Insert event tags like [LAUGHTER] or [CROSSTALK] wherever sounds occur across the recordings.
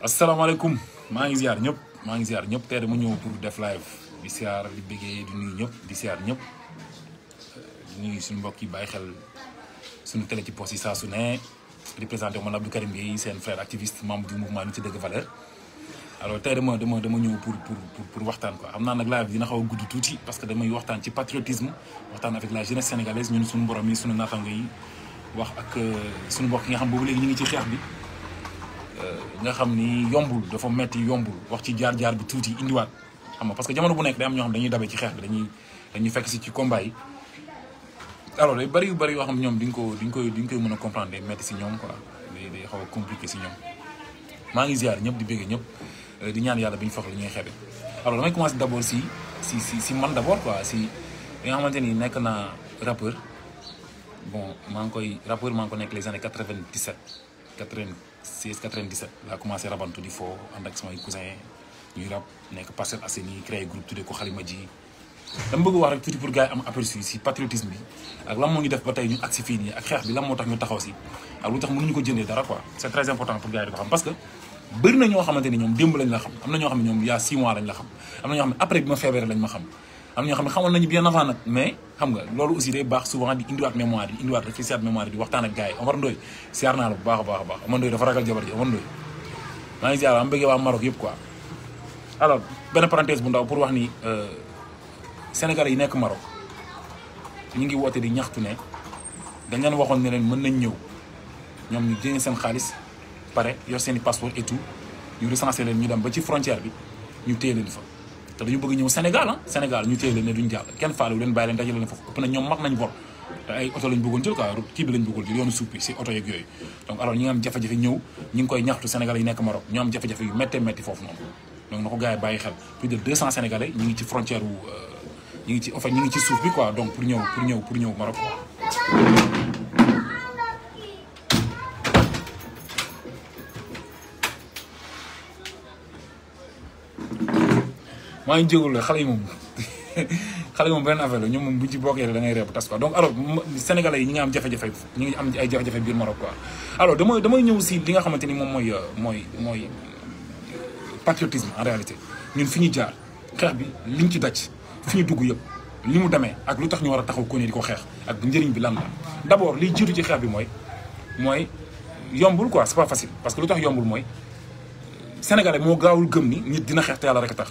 asalaamaaleykum ma ngi ziar ma ngi ziar téré pour def live di ziar di de di nuyu di ziar de di nuyu mbokk yi de xel télé ci poste sa Abdou Karim frère activiste membre du mouvement de Dëgg valeur alors téré dama dama ñëw pour pour pour waxtaan quoi amna nak live dina xaw guddu de parce que ci patriotisme waxtaan avec la jeunesse sénégalaise ñun suñu borom yi suñu yi wax ak euh, suñu mbokk yi nga xam de ñi ci euh, nga xam ni yombul dafa metti yombul wax ci jaar-jaar bi tuuti indiwaat xam nga parce que jamono bu nekk day am ñoo xam dañuy dabe ci xeex bi dañuy dañuy fekk si ci combat yi alors day bari yu bari yoo xam ñoom di nga ko di nga koy di nga koy mën a comprendre day metti si ñoom quoi day day xaw a compliqué si ñoom maa ngi ziar ñëpp di béggee ñëpp euh, di ñaan yàlla bi ñu fox li ñuy xebe alors damay commencer d' abord si si si si man d' abord quoi si li nga xamante ni nekk naa rappeur bon maa ngi koy rappeur maa ngi ko nekk les années 97 80 16 97 laa commencé rabantu di foo ànd ak sama cousin ñuy rab nekk Parcelles Assainies créer groupe tuddee ko khalima ji dama bëgg wax rek tuuti pour gars am aperçu ci patriotisme bi ak lam mo ngi def ba tey ñu ak ci fii nii ak xex bi lam moo tax ñu taxaw ci ak lu tax ñu ko jëndé dara quoi c'est très important pour gars yi di ko xam parce que bëri na ñoo xamante ni ñoom lañ la xam amna ño ñoo xam ne ñoom 6 mois lañ la xam amna ño ñoo xam après bi ma lañ ma xam am na ñoo xam ne xamoon nañu bien avant nag mais xam nga loolu aussi day baax souvent di indiwaat mémoire di indiwaat réfléchiwaat mémoire di waxtaan ak gars yi Omar Ndoye siyaar bu baax a baax baax Omar Ndoye dafa ragal jabar ji Omar Ndoye maa ngi siyaar am bëggee waa Maroc yëpp alors benn parenthèse bu ndaw pour wax ni euh, Sénégalais yi nekk Maroc ñu ngi woote di ñaxtu ne dañ leen waxoon ne leen mën nañ ñëw ñoom ñu jëlee seen xaalis pare yor seen i passeport et tout ñu recensé leen ñu dem ba ci frontière bi ñu téye leen fa te dañu bëgg ñëw Sénégal ah Sénégal ñu téye leen ne duñ jàll kenn faale leen bàyyi leen dajale leen foofu ëpp na ñoom nañ bor te ay oto lañ bëggoon jël quoi kii bi lañ bëggoon jël yoonu suuf bi si oto yooyu donc alors ñi nga am jafe-jafe ñëw ñi ngi koy ñaxtu Sénégal yi nekk Maroc ñoo am jafe-jafe yu méttee métti foofu noonu donc na ko gars yi bàyyi xel plus de 200 Sénégalais ñi ngi ci frontière wu euh, ñi ngi ci en fait ñi ngi ci suuf bi quoi donc pour ñëw maa ngi jégalu la xalé mom moom xale [LAUGHS] yi moom affaire la ñoom ci bokké da ngay reeb tas quoi donc alors sénégalais yi ñi nga am jafé jafé ñi ngi am ay jafé jafé biir Maroc quoi alors damay damay ñëw si li nga xamante mom moy euh, moy moy patriotisme en réalité ñun fiñu jaar xex bi liñ ci dacc fiñu dugg yëpp li mu demee ak lu tax ñu wara taxaw ko di diko xex ak njëriñ bi lan la d'abord li jiitu ci xex bi moy moy yombul quoi c'est pas facile parce que lu tax yombul moy sénégalais mo gawul gëm ni nit dina xex te yalla rek tax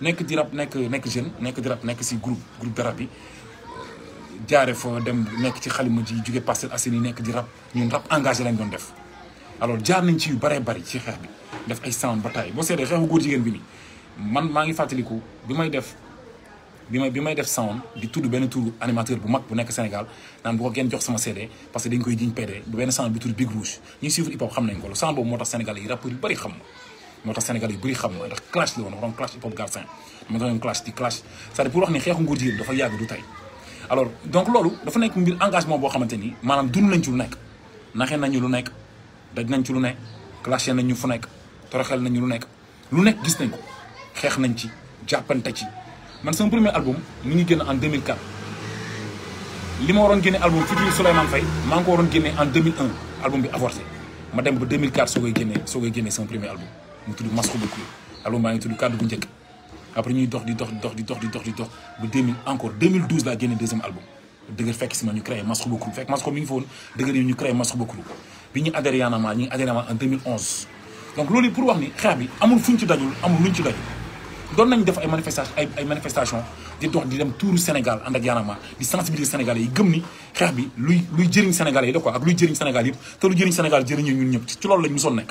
nek di rap nek nek jeune nek di rap nek ci groupe groupe de rap bi diaré fo dem nek ci xalima ji jóge Parcelles Assainies nek di rap ñun rap engagé lañ doon def alors jaar nañ ci yu bari bari ci xex bi def ay sound bataille bo seetee xexu góor jigéen bi ni man ma ngi fàttaliku bi may def bi may bi may def sound di tudd ben tour animateur bu mag bu nek Sénégal nan bu ko kenn jox sama CD parce que dañ koy diñ pédé bu ben sound bi tudd Big Rouge ñuy suivre hip hop xam nañ ko lu sound bo motax tax Sénégal yi rappeurs yu bari xam ma moo tax Sénégal yu bëri xam ndax clash la woon dafa clash hip hop garçon ma doon clash di clash ça à dire pour wax ni xeexu nguur jigéen dafa yàgg du tey alors donc lolu dafa nek mbir engagement bo xamanteni manam maanaam dund nañ ci lu nek naxé nañu lu nek daj nañ ci lu nek clashé nañ ñu fu nek toroxel nañ lu nek lu nek gis nañ ko xex nañ ci jàppante ci man sama premier album mi ngi génn en 2004 li ma waroon génne album Futur Souleymane Faye maa ngi ko waroon génne en 2001 album bi avorté ma dem ba 2004 soo koy génnee soo koy génnee sama premier album tout le Masro beaucoup, alors baa tout le cadre du njëkk après ñuy dox di dox di dox di dox di dox 2000 encore 2012 la génne deuxième album degré fait que c'est ñu Ukraine masque beaucoup, fekk Masro mi ngi fa woon dëgër yi ñu masque Masro Boutou bi ñu adhéré à a adhéré en 2011 donc loolu pour wax ni xeex bi amul fuñ ci dajul amul luñ ci dajul doon nañ def ay manifestation ay ay manifestation di dox di dem tuuru Sénégal en ak Y'en a marre di sensibiliser Sénégalais yi gëm ni xeex bi luy luy jëriñ Sénégalais yi da quoi ak luy le Sénégal yëpp te lu jëriñ Sénégal jëriñu ñun ñëpp ci loolu lañ mosoon nekk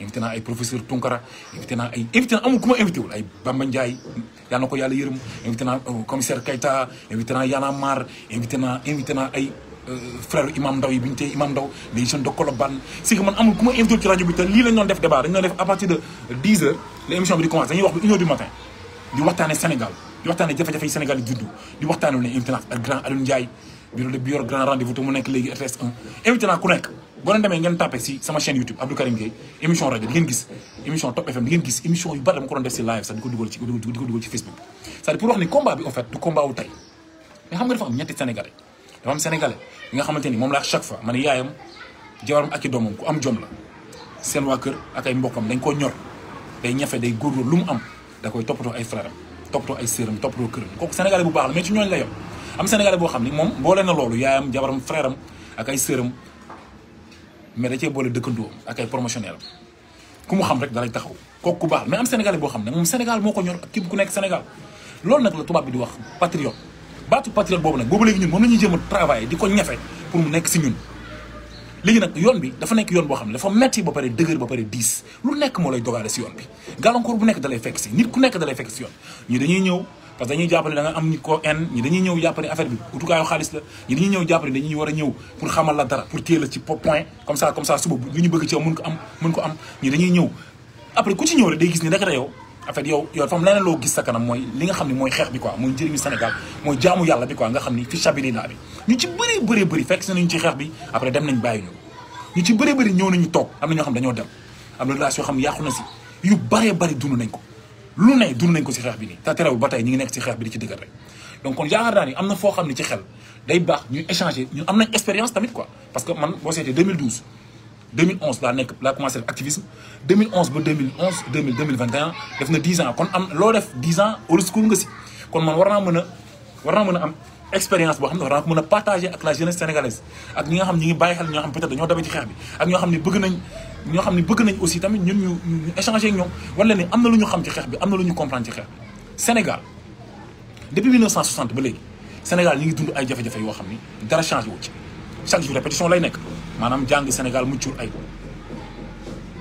invité naa ay professeur Tonkara invité naa ay invité naa amul kuma ma invité wul ay Bamba Ndiaye yal nako yalla yeureum yërëm invité naa euh, commissaire Kayta invité naa Yana Mar invité naa invité naa ay euh, frère imam Ndaw yi bi imam Ndaw les jeunes de Colobane si que man amul kuma ma invité ci radio bi te li lañ doon def débat dañ doon def à partir de 10 h l'émission bi di commencé dañuy wax ba une du matin di waxtane Sénégal di waxtane jafe-jafe yi Sénégal yi juddu di waxtane ne invité naa ak grand Alioune Ndiaye de bureau grand rendez-vous te mu nek léegi RTS 1 invité naa ku nekk boo leen demee ngeen tapé si sama chaîne YouTube Abdou Karim Gueye émission rajo di ngeen gis émission Top FM di ngeen gis émission yu bari dama ko doon def si live sax di ko dugal ci di ko dugal ci Facebook c'est-à-dire pour wax ni combat bi en fait du combat wu tey mais xam nga dafa am ñetti sénégalais dafa am sénégalais yi nga xamante ni moom la chaque fois man yaayam jawaram ak i doomam ku am jom la seen waa kër ak ay mbokkam dañ koo ñor day ñafe day góorgóor lu mu am da koy toppatoo ay frèram toppatoo ay séeram toppatoo këram kooku sénégalais bu baax la mais ci ñooñ la yem am sénégalais boo xam ni moom boole na loolu yaayam jabaram frèram ak ay séeram mais da cee boole dëkkandoo ak ay promotionnel ku mu xam rek dalay taxaw kooku ku baax mais am sénégalais boo xam ne moom Sénégal moo ko ñor ak képp ku nekk Sénégal loolu nag la tubaab bi di wax patriote baatu patriote boobu nag boobu léegi ñun moom la ñuy jéem a travailler di ko ñafe pour mu nekk si ñun léegi nag yoon bi dafa nekk yoon boo xam ne dafa metti ba pare dëgër ba pare diis lu nekk moo lay dogaale si yoon bi gàllankoor bu nekk dalay fekk si nit ku nekk dalay fekk si yoon ñu dañuy ñëw parce que dañuy jàpp ne da nga am ñi ko en ñi dañuy ñëw jàpp ne affaire bi utukaayu xaalis la ñi dañuy ñëw jàpp dañuy war a ñëw pour xamal la dara pour téye la ci point comme ça comme ça suba lu ñu bëgg ci am mun ko am ñi dañuy ñëw après ku ci ñëw rek day gis ni rek yow en yow yow fam leneen loo gis sa kanam mooy li nga xam ne mooy xeex bi quoi mooy njëriñu Sénégal mooy jaamu yàlla bi quoi nga xam ni fi sabilillah bi xeex bi après dem nañ bàyyi ñu ñu ci bëri bëri ñëw nañu toog am ñoo xam dañoo dem am na relation yoo xam ne yàqu na ko lu ne dund nañ ko si xeex bi nii te terewul ba tey ñu nekk si xeex bi di ci dëgër rek donc kon yaakaar naa ni am na foo ci xel day bax ñu échanger ñu amna expérience tamit quoi parce que man boo seetee 2012 2011 laa nekk la commencé def activisme 2011 ba 2011 2000 2021 def na 10 ans kon am lo def 10 ans old school nga si kon man warna naa warna a am expérience bo xam warna war partager ak la jeunesse sénégalaise ak ñi nga xamni ñi ngi bàyyi xel ñoo xam peut-être dañoo dabé ci xex bi ak ñoo xamni bëgg nañ ñoo xam ne bëgg nañ aussi tamit ñun ñu ñu échanger ak ñoom wala ne am na lu ñu xam ci xeex bi am na lu ñu comprendre ci xeex Sénégal depuis 1960 ba léegi Sénégal ñu ngi dund ay jafe-jafe yoo xam ni dara changé wu ci chaque jour répétition lay nekk maanaam jàng Sénégal muccul ay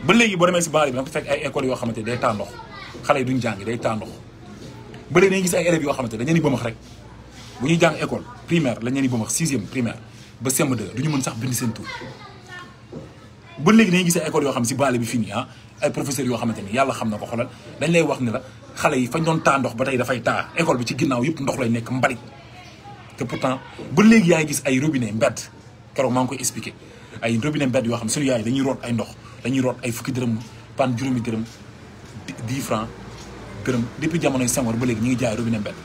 ba léegi boo demee si baal bi da nga fekk ay écoles yoo xamante day taa ndox xale yi duñ jàng day taa ba léegi dañuy gis ay élèves yoo xamante dañu leen di bëmax rek bu ñuy jàng école primaire lañ leen di bëmax sixième primaire ba CM2 duñu mën sax bind seen tur ba léegi dañuy gis ay école yoo xam si baale bi fii nii ah ay professeurs yoo xamante ni yàlla xam na ko xoolal dañ lay wax ni la xale yi fañ doon taa ndox ba tey dafay taa ecole bi ci ginnaaw yëpp ndox lay nekk mbalit te pourtant ba léegi yaa ngi gis ay robinet mbedd keroog maa ngi koy expliqué ay robinet mbedd yoo xam suñu yaay dañuy root ay ndox dañuy ay fukki dërëm pan juróomi dërëm dix francs dërëm depuis jamonoy Senghor ba léegi ñu ngi jaay robinet mbedd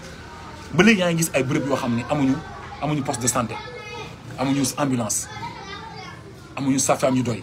ba léegi yaa ngi gis ay bërëb yoo xam ne amuñu amuñu poste de santé amuñu ambulance amuñu safam ñu doy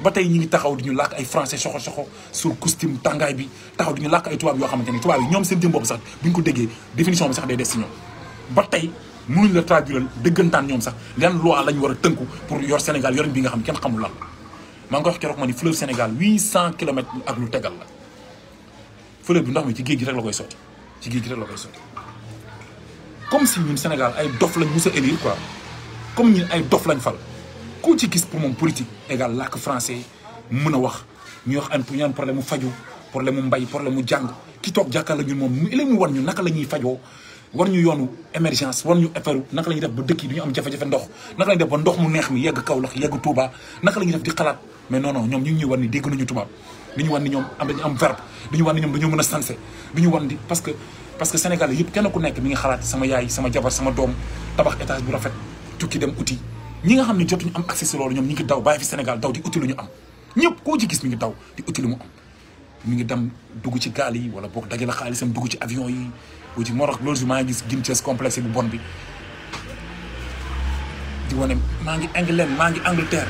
ba tey ñu ngi taxaw di ñu làkk ay français soxo soxo sur costume tàngaay bi taxaw di ñu làkk ay tubaab yoo xam ni tubaab yi ñoom seen jëm bopp sax bu ñu ko déggee définition bi sax day des si ñoom ba tey mënuñ la traduire dëggantaan ñoom sax lan loi lañ war a tënku pour yor Sénégal yorin bi nga xam ne kenn xamul lan maa ngi ko wax keroog ma ni fleuve Sénégal 800 kilomètres ak lu tegal la fleuve bi ndox mi ci géej gi rek la koy sotti ci géej gi rek la koy comme si ñun Sénégal ay dof a élire quoi comme ñun ay dof lañ fal ku ci gis pour moom politique égal lac français mën wax ñu wax an pour ñu problème mu faju problème mbay problème jang jàng ki toog jàkkaarloo ñun mom il mu war ñu naka lañuy ñuy fajoo war ñu yoonu émergence war ñu éferu naka lañuy def ba dëkk duñu am jafé jafé ndox nak la def ba ndox mu neex mi yegg Kaolack yegg Touba nak la def di xalat mais non non ñom ñu ñuy war ni dégg nañu tubaab dañu war ni ñom am dañu am verbe dañu war ni ñoom dañoo mën a sensé dañu war di parce que parce que Sénégal yëpp kenn ku nekk mi ngi xalat sama yaay sama jabar sama dom tabax étage bu rafet tukki dem outil ñi nga xam ne jotuñu am accès lolu loolu ñoom ngi daw bàyyi fi Sénégal daw di outil lu ñu am ñëpp koo ci gis mi ngi daw di outil mu am mi ngi dem dugg ci gal yi wala dajé la xaalisam dugg ci avion yi bu ci Maroc lolu ma maa ngi gis Guinchess complexe bu bon bi di wane maa ngi England maa ngi Angleterre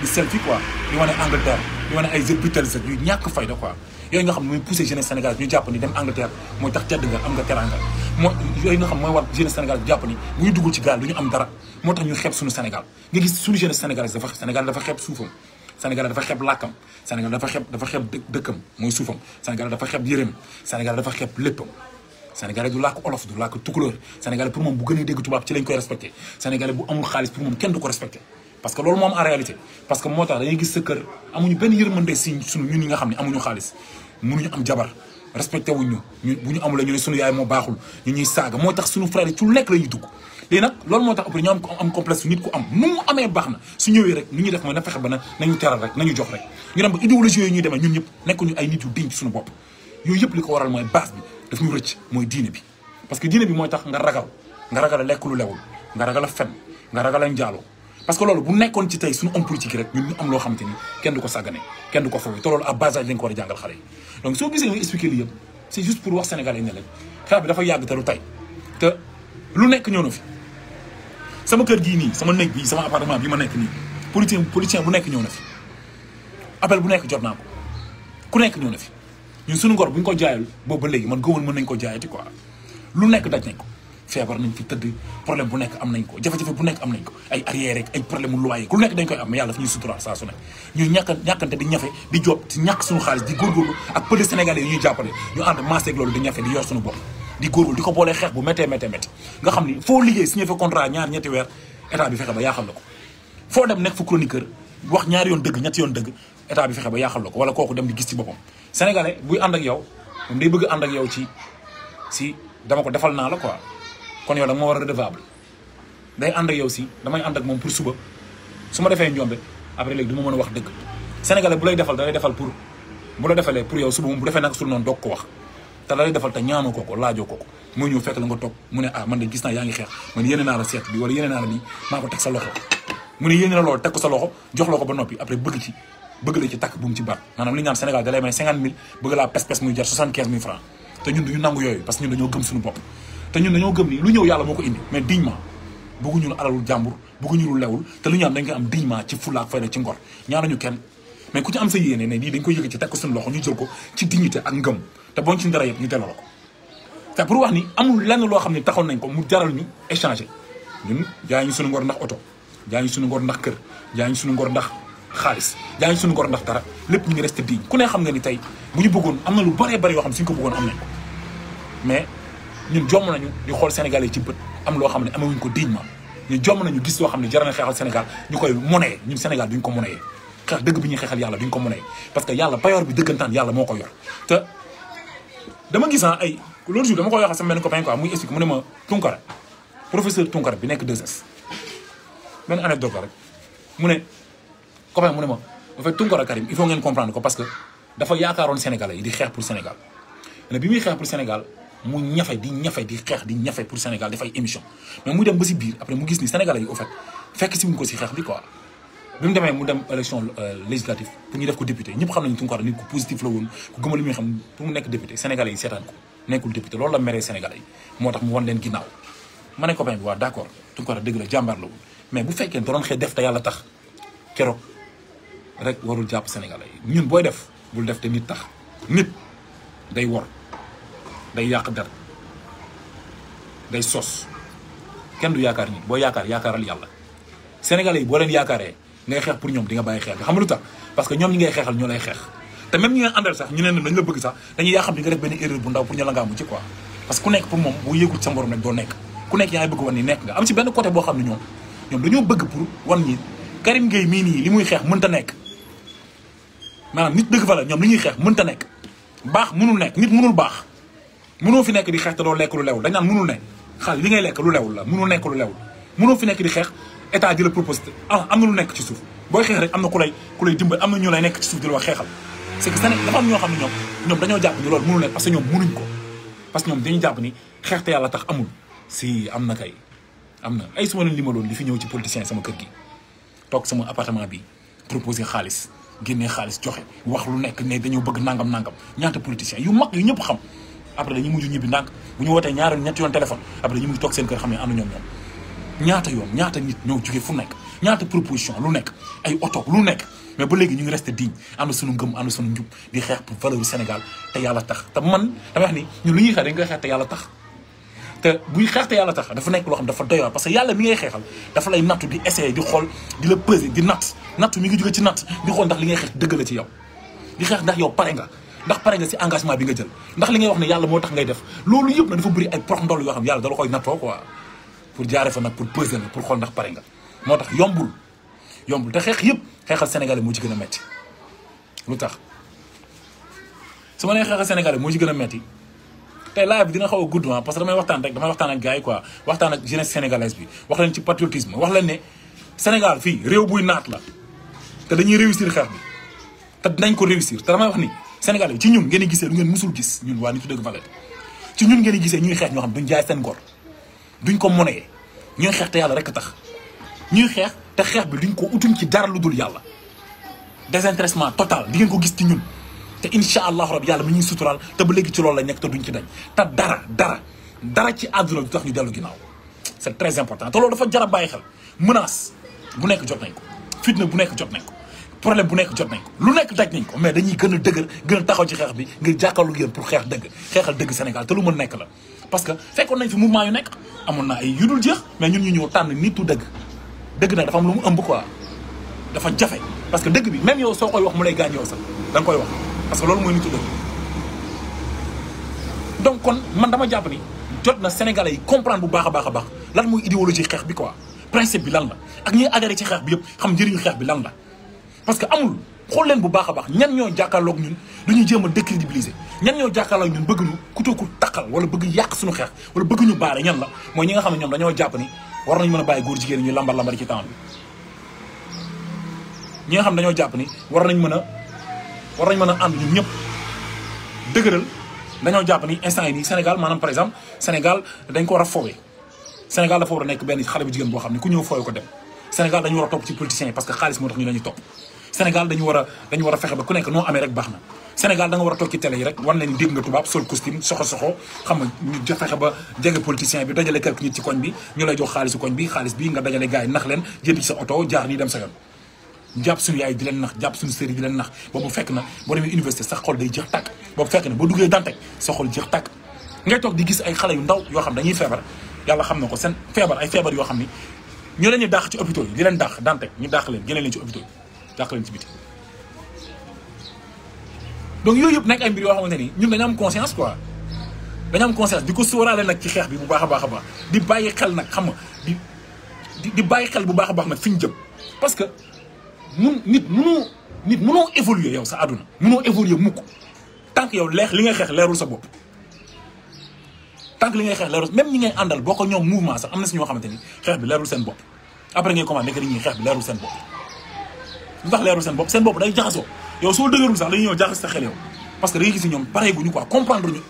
di selfie quoi di wone Angleterre di wone ay jeunes butéel yu ñàkk fayda quoi. yooyu nga xam ne mooy pousser jeunesse Sénégal ñu jàpp ni dem Angleterre mooy tax tedd nga am nga teranga moo yooyu nga xam mooy ñu dugg ci gaal du ñu am dara moo tax ñu xeeb suñu Sénégal dafa Sénégal dafa xeeb suufam Sénégal dafa xeeb làkkam Sénégal dafa xeeb dafa xeeb dëkkam mooy suufam Sénégal dafa xeeb yéreem Sénégal dafa xeeb léppam sénégalais du làkk olof du làkk tukulóor sénégalais pour moom bu gën a dégg tubaab ci lañ koy respecté sénégalais bu amul que loolu moom en réalité parce que moo tax dañuy gis sa kër amuñu benn ñi nga xam ne amuñu xaalis ñu am jabar respecté wuñ ñu ñu bu ñu amul ñu ne sunu yaay moo baaxul ñu ñuy saaga mooy tax sunu frère yi ci lekk la ñuy dugg léegi nag loolu moo tax après ñu am am complexe nit ku am nu mu amee baax na su ñëwee rek nu ñuy def mooy na fexe ba na nañu teral rek nañu jox rek ñu dem idéologie yooyu ñuy demee ñun ñëpp nekkuñu ay nit yu dénc suñu bopp yooyu yëpp li ko waral mooy base bi daf ñu rëcc mooy diine bi parce que diine bi mooy tax nga ragal nga ragal a lekk lu lewul nga ragal a fen nga ragal a njaaloo parce que loolu bu nekkoon ci tey suñu homme politique rek ñun ñu am loo xamante ni kenn du ko sàggane kenn du ko foofu te loolu ab basage dañ ko war a jàngal xale yi donc soo gisee ñuy expliquer lii yëpp dafa yàgg te tey te lu nekk ñëw na fi sama kër gii nii sama néeg bi sama appartement bi ma nekk nii politicien politicien bu nekk ñëw na fi appel bu nekk jot naa ko ku nekk ñëw na fi ñun suñu ngor bu ñu ko jaayul boobu ba léegi man gëwoon mën nañ ko jaayati quoi lu nekk daj nañ ko feebar nañ fi tëdd problème bu nekk am nañ ko jafe-jafe bu nekk am nañ ko ay arrière rek ay problème mu loyer ku nekk dañ koy am mais yàlla fi ñuy suturaal saa su nekk ñuy ñàkka ñàkkante di ñafe di job ci ñàkk suñu xaalis di góorgóorlu ak peu yi ñuy jàppale ñu ànd di ñafe di yor suñu bopp di góorgóorlu di ko boolee xeex bu méttee méttee métti nga xam ni foo liggéey signé fa contrat ñaar ñetti weer état bi fexe ba yaaxal la ko foo dem nekk fa chroniqueur wax ñaari yoon dëgg ñetti yoon dëgg état bi fexe ba yaaxal la ko wala kooku dem di gis ci boppam sénégalais buy ànd ak yow moom day bëgg ànd ak yow ci si dama ko defal naa la quoi kon yow dama ma war a redevable day ànd ak yow si damay ànd ak moom pour suba su ma defee njombe après léegi du ma mën a wax dëgg sénégalais bu lay defal da lay defal pour bu la defalee pour yow suba moom bu defee nag sul noonu doog ko wax te la lay defal te ñaanoo ko ko laajoo ko ko muy ñëw fekk la nga toog mu ne ah man de gis naa yaa ngi xeex man yéene naa la seet bi wala yéene naa la lii maa ko teg sa loxo mu ne yéene na loolu teg ko sa loxo jox la ko ba noppi après bëgg ci bëgg la ci takk bu mu ci bat maanaam li ñaan Sénégal da lay may 50 000 bëgg laa pes pes muy jar 75 000 francs te ñun du ñu nangu yooyu parce que ñun dañoo gëm suñu bopp te ñun dañoo gëm nii lu ñëw yàlla moo ko indi mais dignement bëgguñu lu alalul jàmbur bëgguñu lu lewul te lu ñu am dañ ko am dignement ci fulla ak fayda ci ngor ñaanuñu kenn mais ku ci am sa yéene ne lii dañ koy yëg ci teg ko suñu ñu jël ko ci dignité ak ngëm te boñ ci dara yëpp ñu delloo ko te ni amul lenn loo xam ne taxaw nañ ko mu jaral ñu échanger ñun jaay ñu suñu ngor ndax oto jaay ñu suñu ngor ndax kër jaay suñu ngor ndax xaalis jaay suñu ngor ndax dara lépp ñu ngi resté digne ku ne xam nga ni tey bu ñu bëggoon am na lu bare bëri yoo xam suñ ko bëggoon am nañ ko ñun jomm nañu ñu xool Sénégal yi ci bët am loo xam ne amewuñ ko dignement ñu jomm nañu gis loo xam ne jar na xeexal Sénégal ñu koy monee ñun Sénégal duñ ko monee xeex dëgg bi ñuy xeexal yàlla ñu ko monee parce que yàlla payoor bi dëggantaan yàlla moo ko yor te dama gis ah ay l'autre jour dama ko wax sama benn copain quoi muy expliqué mu ne ma Tunkara professeur Tunkara bi nekk 2S benn anecdote la rek mu ne copain mu ne ma en fait Tunkara Karim il faut ngeen comprendre parce que dafa yaakaaroon Sénégalais yi di xeex pour Sénégal mais bi muy xeex pour mu ñafe di ñafe di xeex di ñafe pour Sénégal dafay émission mais mu dem ba si biir après mu gis ni Sénégalais yi au fait fekk si wuñ ko si xeex bi quoi. bi mu demee mu dem élection euh, législative pour ñu def ko député ñëpp xam nañu Tounkara nit ku positif la woon ku gëmal li muy xam pour mu nekk député Sénégalais yi seetaan ko nekkul député loolu la meree Sénégalais yi moo tax mu wan leen ginnaaw. ma ne copain bi waa d' accord Tounkara dëgg la jàmbaar la woon bu fekkee da doon xëy te yàlla keroog rek warul jàpp Sénégalais yi ñun booy def bul def te tax nit wor. day yak dar day sos ken du yaakaar nit boo yakar yaakaaral yalla sénégalais bo len yakaré ngay xex pour ñom di nga bàyyi xex xam lu tax parce que ñom ñi ngay xexal ñoo lay xeex te même ñi nga andal sax ñu ne dañu la bëgg sax dañuy ya xam di nga def ben erreur bu ndaw pour ñala nga mu ci quoi parce que ku nekk pour mom bo yëgul sa morom nak do nekk ku nekk yaa ngi bëgg wan ni nekk nga am ci ben côté bo xam ne ñom ñoom dañoo bëgg pour wan ñi Karim Gueye mi ni limuy xex mën ta nekk manam nit dëgg fa la ñom li ñuy xex mën ta nekk baax mënul nekk nit mënul baax mënoo fi nekk di xeex te doo lekk lu lewul dañ naan mënul ne xaalis li ngay lekk lu lewul la mënul nekk lu lewul mënoo fi nekk di xeex état di la proposé ah am na lu nekk ci suuf booy xeex rek am na ku lay ku lay dimbal am na ñu lay nekk ci suuf di la wax xeexal c'est que Sénégal dafa am ñoo xam ne ñoom ñoom dañoo jàpp ni loolu mënul nekk parce que ñoom mënuñ ko parce que ñoom dañu jàpp ni xeex te yàlla tax amul si am na kay am na ay suma leen li ma li fi ñëw ci politicien sama kër gi toog sama appartement bi proposé xaalis génnee xaalis joxe wax lu nekk ne dañoo bëgg nangam nangam ñaata politicien yu mag yu ñëpp xam après dañuy mujj ñibbi ndànk bu ñu wootee ñaari ñetti yoon téléphone après dañuy mujj toog seen kër xam ne am na ñoom ñoom ñaata yoon ñaata nit ñoo jógee fu nekk ñaata proposition lu nekk ay oto lu nekk mais ba léegi ñu ngi resté digne am na suñu ngëm am na suñu njub di xeex te yàlla tax te man dama wax ni lu ñuy xeex dañ koy yàlla tax te buy xeex te yàlla tax dafa nekk loo xam dafa doy parce que yàlla mi ngay xeexal dafa lay nattu di essayer di xool di la peser di natt nattu mi ngi jóge ci natt di xool ndax li ngay xeex dëgg la ci yow di xeex ndax yow pare nga ndax pare nga si engagement bi nga jël ndax li ngay wax ne yàlla moo tax ngay def loolu yëpp na dafa bëri ay prox ndoll yoo xam dala koy nattoo quoi pour jaare fa nag pour peser la pour xool ndax pare nga moo tax yombul yombul te xeex yëpp xeexal sénégalais moo ci gën a metti lu tax su nee xeexal sénégalais moo ci gën a metti tey live bi dina xaw a gudd ah parce que damay waxtaan rek damay waxtaan ak gars yi quoi waxtaan ak jeunesse sénégalaise bi wax leen ci patriotisme wax leen ne Sénégal fii réew buy naat la te dañuy réussir xeex bi te dinañ ko réussir te damay wax ni Sénégal yi ci ñun ngeen gisee lu ngeen musul gis ñun waa Nittu Dëgg Valeurs ci ñun ngeen gisee ñuy xeex ñoo xam duñ jaay seen ngor duñ ko monee ñuy xeex te yàlla rek tax ñuy xeex te xeex bi duñ ko utuñ ci dara lu dul yàlla désintéressement total di ngeen ko gis ci ñun te incha allahu rabi yàlla mi ñuy suturaal te ba léegi ci lool la nekk te duñ ci dañ te dara dara dara ci àdduna du tax ñu dellu ginnaaw c'est très important te loolu dafa jar bàyyi xel menace bu nekk jot nañ ko fitna bu nekk jot nañ ko problème bu nekk jot nañ ko lu nekk daj nañ ko mais dañuy gën a dëgër gën a taxaw ci xeex bi ngir jàkkaarloo ak yéen pour xeex dëgg xeexal dëgg Sénégal te lu mën nekk la parce que fekkoon nañ fi mouvement yu nekk amoon na ay yu dul jeex mais ñun ñu ñëw tànn nitu dëgg dëgg nag dafa am lu mu ëmb quoi dafa jafe parce que dëgg bi même yow soo koy wax mu lay gaañ yow sax da nga koy wax parce loolu mooy nitu dëgg donc kon man dama jàpp ni jot na Sénégalais yi comprendre bu baax a baax a baax lan mooy idéologie xeex bi quoi principe bi lan la ak ñuy adhéré ci xeex bi yëpp xam njëriñu xeex bi lan parce que amul xool leen bu baax a baax ñan ñoo jàkkaarloog ñun dañuy jéem a décrédibiliser ñan ñoo jàkkaarloog ñun bëgg ñu kutoo ku taqal wala bëgg yàq suñu xeex wala bëgg ñu baax ñan la mooy ñi nga xam ne ñoom dañoo jàpp ni war nañu mën a bàyyi góor jigéen ñuy lambar lambar ci ñi nga xam ne dañoo jàpp ni war nañ mën a war nañ mën a ànd ñun ñëpp dëgëral dañoo jàpp ni instant yi nii Sénégal maanaam par exemple Sénégal dañ ko war a foowee Sénégal dafa war a nekk benn xale bu jigéen boo xam ne ku ñëw fooyee ko dem Sénégal dañu war a topp ci politiciens que xaalis moo tax ñu lañuy Sénégal dañu war a dañu war a fexe ba ku nekk noo amee rek baax na Sénégal da nga war a toog ci télé yi rek wan leen dégg nga tubaab sol costume soxo soxo xam nga ñu fexe ba jege politicien bi dajale quelque nit ci koñ bi ñu lay jox xaalisu koñ bi xaalis bi nga dajale gars yi nax leen jënd sa oto jaar nii dem sa yoon jàpp suñu yaay di leen nax jàpp suñu sëriñ di leen nax boobu fekk na boo demee université sax xol day jeex tàkk boobu fekk na boo duggee Dantec sa xol jeex tàkk ngay toog di gis ay xale yu ndaw yoo xam dañuy feebar yàlla xam na ko seen ay feebar yoo xam ñu leen ñu ci hôpitaux di leen dàq Dantec ñu dàq leen génne leen ci hôpitaux dàq leen donc yooyu nak ay mbir yoo xamante ni ñun dañu am conscience quoi dañu am conscience diko sooral nak ci xex bi bu baax a ba di bàyyi xel nak xam nga di di bàyyi xel bu baax a nak nag jëm parce que ñun nit mënu nit munoo évoluer yow sa aduna munoo évoluer mukk tant que yow leex li nga xex leerul sa bopp tant que li ngay xex leerul même ñi ngay andal boko ñom mouvement sax amna na si xamanteni xex bi leerul seen bopp après ngay commencé nekk nit ñi xex bi leerul seen bopp lu tax leerul seen bopp seen bopp day jaxasoo yow soo dëgërul sax dañuy ñëw jaxas sa xel yow parce que da ngay gis ñoom pare guñu quoi comprendre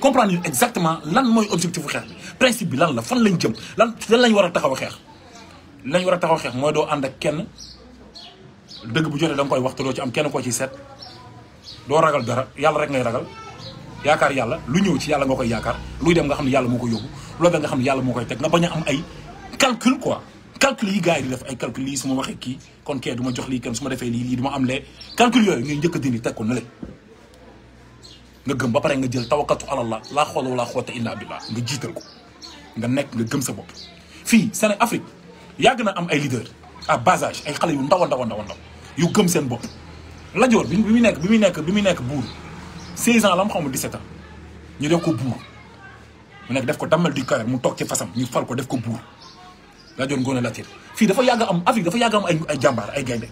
comprendre ñu exactement lan mooy objectif xeex bi principe bi lan la fan lañ jëm lan lan lañ war a taxaw xeex lañ war a taxaw xeex mooy doo ànd ak kenn dëgg bu jotee da nga koy waxtu doo ci am kenn koo ciy seet doo ragal dara yàlla rek ngay ragal yaakaar yàlla lu ñëw ci yàlla nga koy yaakaar luy dem nga xam ne yàlla moo koy yóbbu nga xam yàlla moo koy teg nga bañ a ay calcul quoi calcul yi gaay di def ay calcul lii suma waxe ki kon ke duma jox li kenn suma defé li li duma am lé calcul yoy ngay njëkk dindi tekko na lé nga gëm ba paré nga jël tawakkatu ala allah la khawlu la khawta illa billah nga jiital ko nga nek nga gëm sa bop fi sene Afrique yag na am ay leader à bas âge ay xalé yu ndaw ndaw ndaw ndaw yu gëm sen bop la jor bi mi nek bi mi nek bi mi nek bour 16 ans lam xam 17 ans ñu def ko bour mu nek def ko damal du cœur mu tok ci fasam ñu fal ko def ko bour Gajoor Ngoone fii dafa yàgg am Afrique dafa yàgg am ay jàmbaar ay gaynde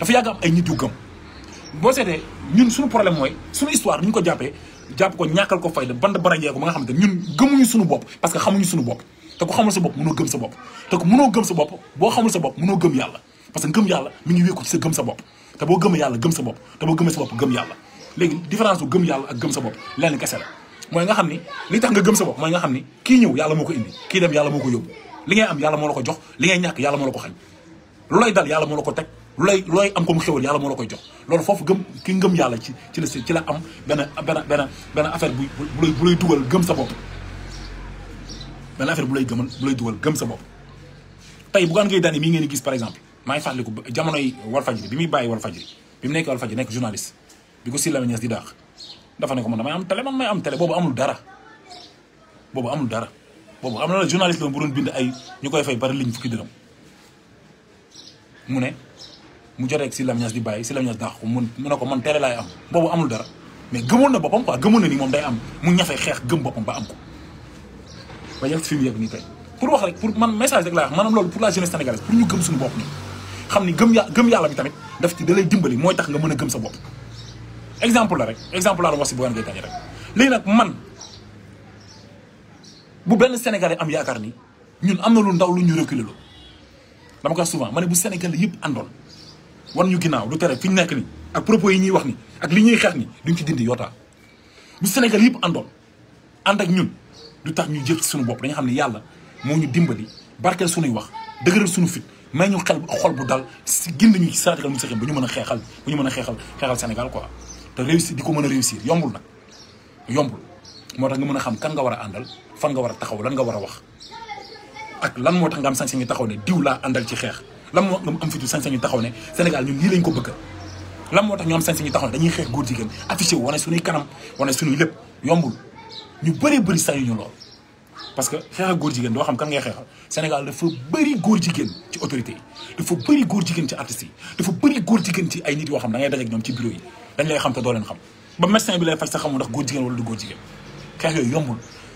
dafa yàgg am ay nit yu gëm boo seetee ñun suñu problème mooy suñu histoire ñu ko jàppee jàpp ko ñàkkal ko fay la band barajee ko ba nga xam te ñun gëmuñu suñu bopp parce que xamuñu suñu bopp te ku xamul bopp mënoo bopp te ku mënoo gëm sa bopp boo bopp mënoo gëm yàlla parce que gëm yàlla mi ngi wékku yàlla gëm sa bopp te boo gëmee sa bopp gëm yàlla léegi différence bu gëm bopp lenn kese la mooy xam ni li tax nga gëm sa bopp mooy nga xam ni kii ñëw yàlla moo ko indi kii dem yàlla moo ko yóbbu li ngay am yàlla moo la ko jox li ngay ñàkk yàlla moo la ko xañ lu lay dal yàlla moo la ko teg lu lay lu lay am comme xéwal yàlla moo la koy jox loolu foofu gëm ki gëm yàlla ci ci la ci la am benn benn benn benn affaire bu bu bu lay dugal gëm sa bopp benn affaire bu lay gëmal bu lay dugal gëm sa bopp tey Bougane Gueye Dany mii ngeen gis par exemple maa ngi fàttaliku jamonoy Walfadjri bi muy bàyyi Walfadjri bi mu nekk Walfadjri nekk journaliste bi ko Sylvain Niass di daax dafa ne ko man damay am télé man may am tele boobu amul dara amul dara bobu am na journaliste la bu doon bind ay ñukoy fay bari liñ fukki dërëm mu ne mu jotee ak si lamñaas di bàyyi si lamñaas dakh ko mu ne ko man télé lay am bobu amul dara mais gëmoon na bopam quoi gëmoon na ni mom day am mu ñafé xex gëm bopam ba am ko ba yegg fi mu yegg nii pour wax rek pour man message rek laa wax manam loolu pour la jeunesse sénégalaise pour ñu gëm suñu bop ni xamni gëm ya gëm yalla bi tamit daf ci dalay dimbali moy tax nga mëna gëm sa bop exemple la rek exemple la wax ci Bougane Gueye tay rek li nak man bu benn sénégalais am yaakaar ni ñun am na lu ndaw lu ñu reculer loo dama ko wax souvent ma ne bu sénégalais yëpp àndoon wan ñu ginnaaw lu tere fi ñu nekk ni ak propos yi ñuy wax ni ak li ñuy xeex ni ñu ci dindi yotaa bu sénégalais yëpp àndoon ànd ak ñun du tax ñu jël suñu bopp dañu xam ne yàlla moo ñu dimbali barkeel suñuy wax dëgëral suñu fit may ñu xel xol bu dal si gindi ñu ci saatikal mu saxim ba ñu mën a xeexal ba ñu mën a xeexal xeexal Sénégal quoi te réussir di ko mën a réussir yombul nag yombul moo tax nga mën a xam kan nga war a àndal fan nga war a taxaw lan nga war a wax ak lan moo tax nga am sañ taxaw ne diw laa àndal ci xeex lan moo nga am fitu sañ-sañu taxaw ne Sénégal ñun lii lañ ko bëgg lan moo tax ñu am sañ-sañu taxaw ne dañuy xeex góor jigéen affiché wu su suñuy kanam wane suñuy lépp yombul ñu bëree bëri sañu ñu lool parce que xeex ak góor jigéen doo xam kan ngay xeexal Sénégal dafa bëri góor jigéen ci autorité yi dafa bëri góor jigéen ci artistes yi dafa bëri góor jigéen ay nit yoo xam da ngay dajeek ñoom xam te doo leen xam ba médecin bi lay faj sa xamul ndax góor jigéen wala du góor jigéen xeex yooyu yombul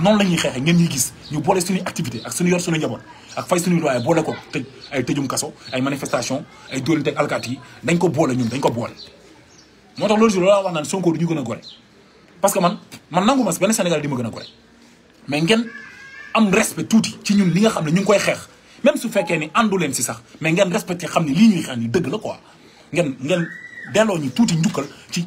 non lañuy ñuy ngeen ñi gis ñu bolé suñu activité ak suñu yor suñu njaboot ak fay suñu loyer bolé ko tëj ay tëjum kasso ay manifestation ay dóolante ak alkaati yi dañ ko bolé ñun dañ ko boole motax tax loolu si wax naan Sonko du ñu gëna a gore parce que man man nanguma ma Sénégal di ma gëna a gore mais ngeen am respect touti ci ñun li nga xam ñu ngi koy xex même su fekkee ni àndu leen si sax mais ngeen respecté xam li ñuy xeex ni dëgg la quoi ngeen ngeen delloo ñu tuuti njukkal ci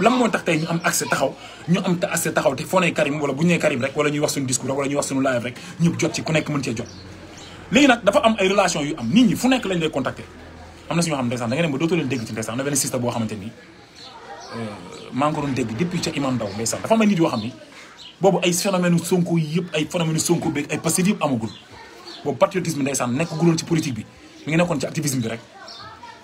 lan moo tax tey ñu am accès taxaw ñu am accès taxaw te foo nee Karim wala bu ñu nee Karim rek wala ñuy wax suñu discours wala ñuy wax suñu live rek ñëpp jot ci ku nekk mën cee jot léegi nag dafa am ay relation yu am nit ñi fu nekk lañ lay contacter am na suñoo xam ndeysaan da nga dem ba euh, dafa am ay nit yoo xam ni boobu ay phénomène Sonko yëpp ay phénomène Sonko beeg ay passifs yëpp amagul boobu patriotisme ndeysaan nekk guloon ci politique bi mi ngi nekkoo ci activisme rek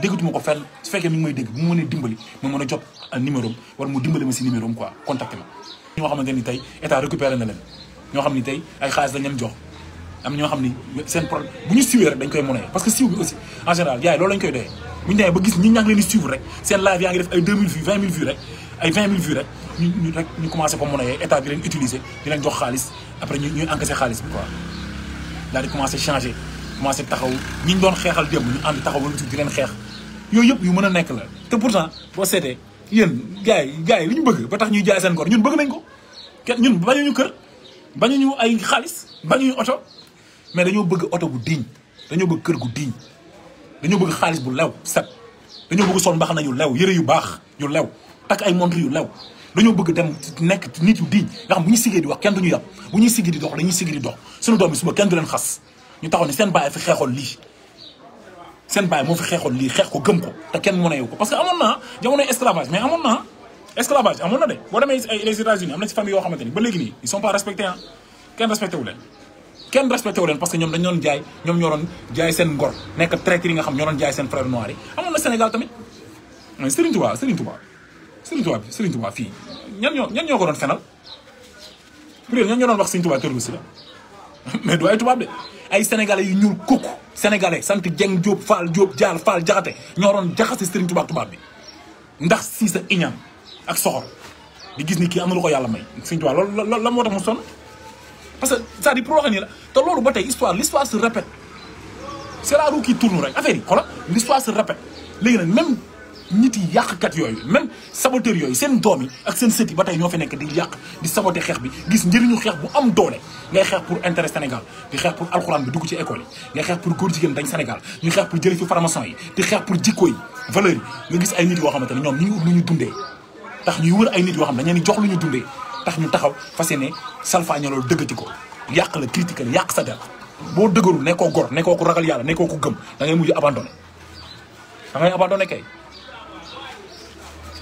déggatu ma ko fenn su fekkee mi ngoy may dégg bu mu mënee dimbali mo meuna a un numéro am wala mu dimbali ma ci numéro quoi contacté ma. ñoo xamanté ni tay état récupéré na leen ñoo xamni tay ay xaliss dañ ñam jox am ñoo xamni sen problème bu ñu siwee rek dañ koy monnaie parce que siw bi aussi en général yaay loolu lañ koy doyee bu ñu demee ba gis ñi ñang ngi leen di suivre rek seen live yaa ngi def ay 2000 vues 20000 vues rek ay 20000 vues rek ñu ñu rek ñu commencé ko monnaie état bi leen utiliser di leen jox xaliss après ñu ñuy encaissé xaliss bi quoi dal di commencer changer commencé taxaw ñi doon xéxal dem ñu and taxaw wala di leen xéx yoy yep yu mëna a nekk la té pourtant bo sété yeen gaay gaay gars ñu bëgg ba tax ñuy jaay seen kor ñun bëgg nañ ko kèn ñun bañu ñu kër bañu ñu ay xaliss bañu ñu auto mais dañu bëgg auto bu diñ dañu bëgg kër gu diñ dañu bëgg xaliss bu lew set dañu bëgg son mbaxana yu lew yéré yu bax ñu lew tak ay montre yu lew dañu bëgg dem nekk nit yu diñ nga xam bu ñu sigé di wax kèn duñu yàpp bu ñu sigé di dox dañuy sigé di dox suñu doomi suba kèn du leen xass ñu taxaw ne seen baay fi xeexoon lii seen baay moo fi xeexoon lii xeex ko gëm ko te kenn mën a yow ko parce que amoon naa jamono esclavage mais amoon esclavage amoon na de boo demee ay les États-Unis am na ci famille yoo xamante ni ba léegi nii ils kenn respecté wu leen kenn parce que ñoom dañoon jaay ñoom ñoo doon seen ngor nekk traître yi nga xam ñoo doon jaay seen frère noir yi amoon na Sénégal tamit mais Serigne Touba Serigne Touba Serigne Touba Serigne Touba fii ñan ñoo ñan ñoo ko doon fenal pour ñan ñoo doon wax Serigne Touba terroriste la [LAUGHS] mais du ay sénégalais yu ñuul kukk sénégalais sant Dieng Diop Fall Diop Diar Fall Jaxate ñoo doon jaxase Serigne Touba tubaab bi ndax si a iñaan ak soxor di gis ni kii am lu ko yàlla may Serigne Touba loolu la moo tax mu sonn parce que c'est-à-dire pour wax nii te loolu ba tey histoire l'histoire se répète c'est la roue qui tourne rek affaire yi xoolal l'histoire se répète léegi nag même. nit yi yàqkat yoy même saboteur yoy sen domi ak sen sët batay ñofi nek di yak di saboter xex bi gis njëriñu xex bu am doole ngay xex pour intérêt Sénégal di xex pour alcorane bi dugg ci école ngay xex pour góor jigéen dañ Sénégal ñu xex pour jële fi formation yi di xex pour jikko yi valeur nga gis ay nit yo xamanteni ñom ñoom ñu ngi lu ñu dundé tax ñu wër ay nit yo xam dañ leen jox lu ñu dundé tax ñu taxaw fas salfa salfaañe loolu dëggati ko la critique yak sa der boo dëgëru ko gor nekkoo ko ragal yalla nekkoo ko gëm da ngay mujj abandonné da ngay abandonné kay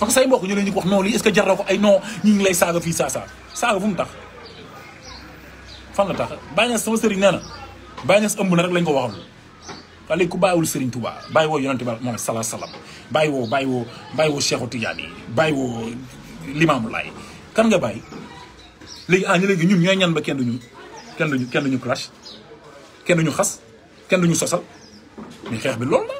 parce que say mbokk ñu leen ñu wax non lii est-ce que jar na ko ay non ñu ngi lay saaga fii saa saa saaga fu mu tax fan la tax bàyyi na sama sëriñ nee na bàyyi na ëmb na rek ko waxal waa ku bàyyiwul Serigne Touba bàyyi woo yonante ba moom sala salam bàyyi woo bàyyi woo bàyyi woo Cheikh Tidiane bàyyi woo Limaamu Laay kan nga bàyyi léegi ah ñu léegi ñun ñooy ñan ba kenn ñu kenn duñu kenn duñu clash kenn duñu xas kenn duñu sosal mais xeex bi loolu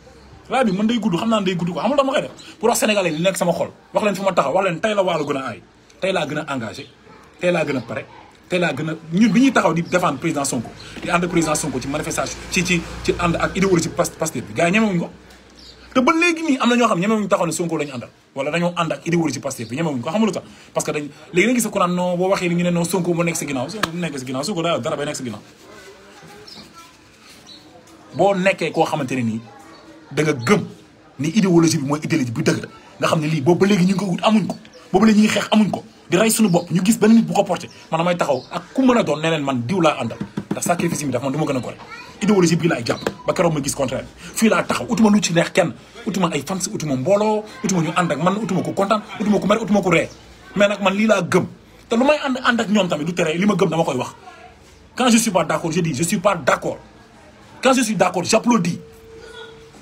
raay bi mën day gudd xam naa day gudd ko xamul tax ma koy def pour wax sénégalais la waalo gën a taxaw di défendre président Sonko di ànd président Sonko ci manifestation ci ko xam ñemewuñu taxaw ne Sonko lañu àndal wala xamul lu tax parce que dañ léegi gis ku naan non li ñu ne non Sonko moo nekk sa ginnaaw Sonko mu daa dara bay nekk sa ginnaaw boo nekkee koo xamante ne nii da nga gëm ni idéologie bi mooy idéologie bu dëgg nga xam ne lii boobu ba léegi ñu ngi ko ut amuñ ko boobu léegi ñu ngi xeex amuñ ko di rey suñu bopp ñu gis benn nit bu ko porté man damay taxaw ak ku mën a doon neneen man diw laa àndal ndax sacrifice bi daf man du gën a gore idéologie bii laay jàpp ba keroog ma gis contraire fii laa taxaw utuma lu ci neex kenn utuma ay fans utuma mbooloo utuma ñu ànd ak man utuma ko kontaan utuma ko mer utuma ko ree mais nag man lii laa gëm te lu may ma gëm wax quand je suis pas d'accord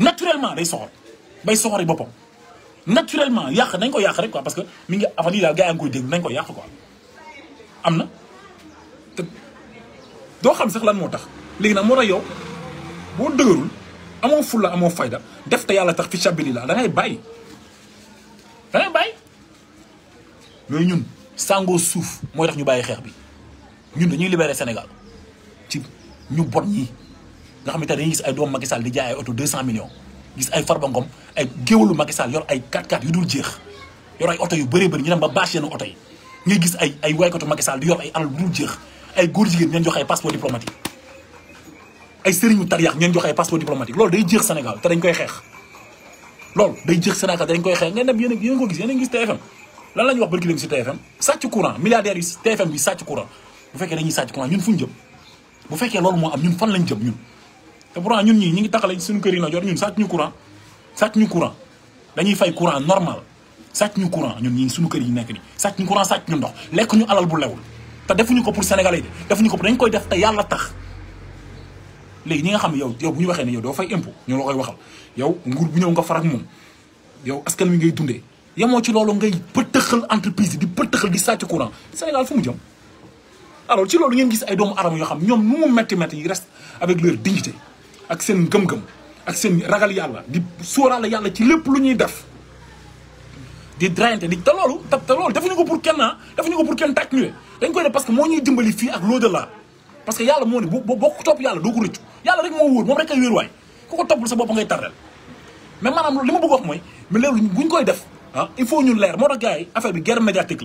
naturellement day soxor bay soxori bopam naturellement yak nañ ko rek quoi parce que mi ngi avant lii daal gars yaa nañ quoi amna do xam sax lan motax legui nak nag yow faire. dëgërul qui fulla amo fayda def ta yalla tax fi la da ngay bay ñun ñu bi ñun dañuy Sénégal ci ñu nga xam ne dañuy gis ay doomu Macky Sall di jaay ay oto 200 millions gis ay Farba Ngom ay géwalu Macky Sall yor ay 4 x yu dul jeex yor ay oto yu bëree bëri ñu dem ba bâche yenn oto yi ngay gis ay ay waykatu Macky Sall di yor ay alal yu dul jeex ay góor jigéen ñeen jox ay passeport diplomatique ay sëriñu tariyax ñeen jox ay passeport diplomatique loolu day jeex Sénégal te dañ koy xeex loolu day jeex Sénégal dañ koy xeex ngeen dem yéen yéen ko gis yéen la ñu wax bërki léegi si TFM sàcc courant yi TFM bi sàcc courant bu fekkee dañuy bu fekkee loolu moo am ñun fan lañ jëm ñun te pourtant ñun ñii ñu ngi taxale suñu kër yi la jor ñun sàcc ñu courant sàcc ñu courant dañuy fay courant normal sàcc ñu courant ñun ñii suñu kër yi nekk ni sàcc ñu courant sàcc ñu ndox lekk ñu alal bu lewul te defuñu ko pour sénégalais defuñu ko dañ koy def te yàlla tax léegi ñi nga xam yow yow bu ñu waxee ne yow doo fay impôt ñoo la koy waxal yow nguur bu ñëw nga farak moom yow askan wi ngay dundee yemoo ci loolu ngay pëtëxal entreprise di pëtëxal di sàcc courant sénégal fu mu jëm alors ci loolu ngeen gis ay doomu arab yoo xam ñoom nu mu metti metti yi reste avec leur dignité ak seen gëm-gëm ak seen ragal yàlla di sóoraale yàlla ci lépp lu def di drayante di te loolu te loolu defuñu ko pour kenn ah ko pour ñu parce que moo ñuy dimbali fii ak là. parce que yàlla moo ne bo boo topp yàlla doo ko rëccu yàlla rek moo wóor moom rek mais maanaam bëgg wax mais léegi buñ koy ah, il faut ñu leer moo tax gars affaire bi guerre médiatique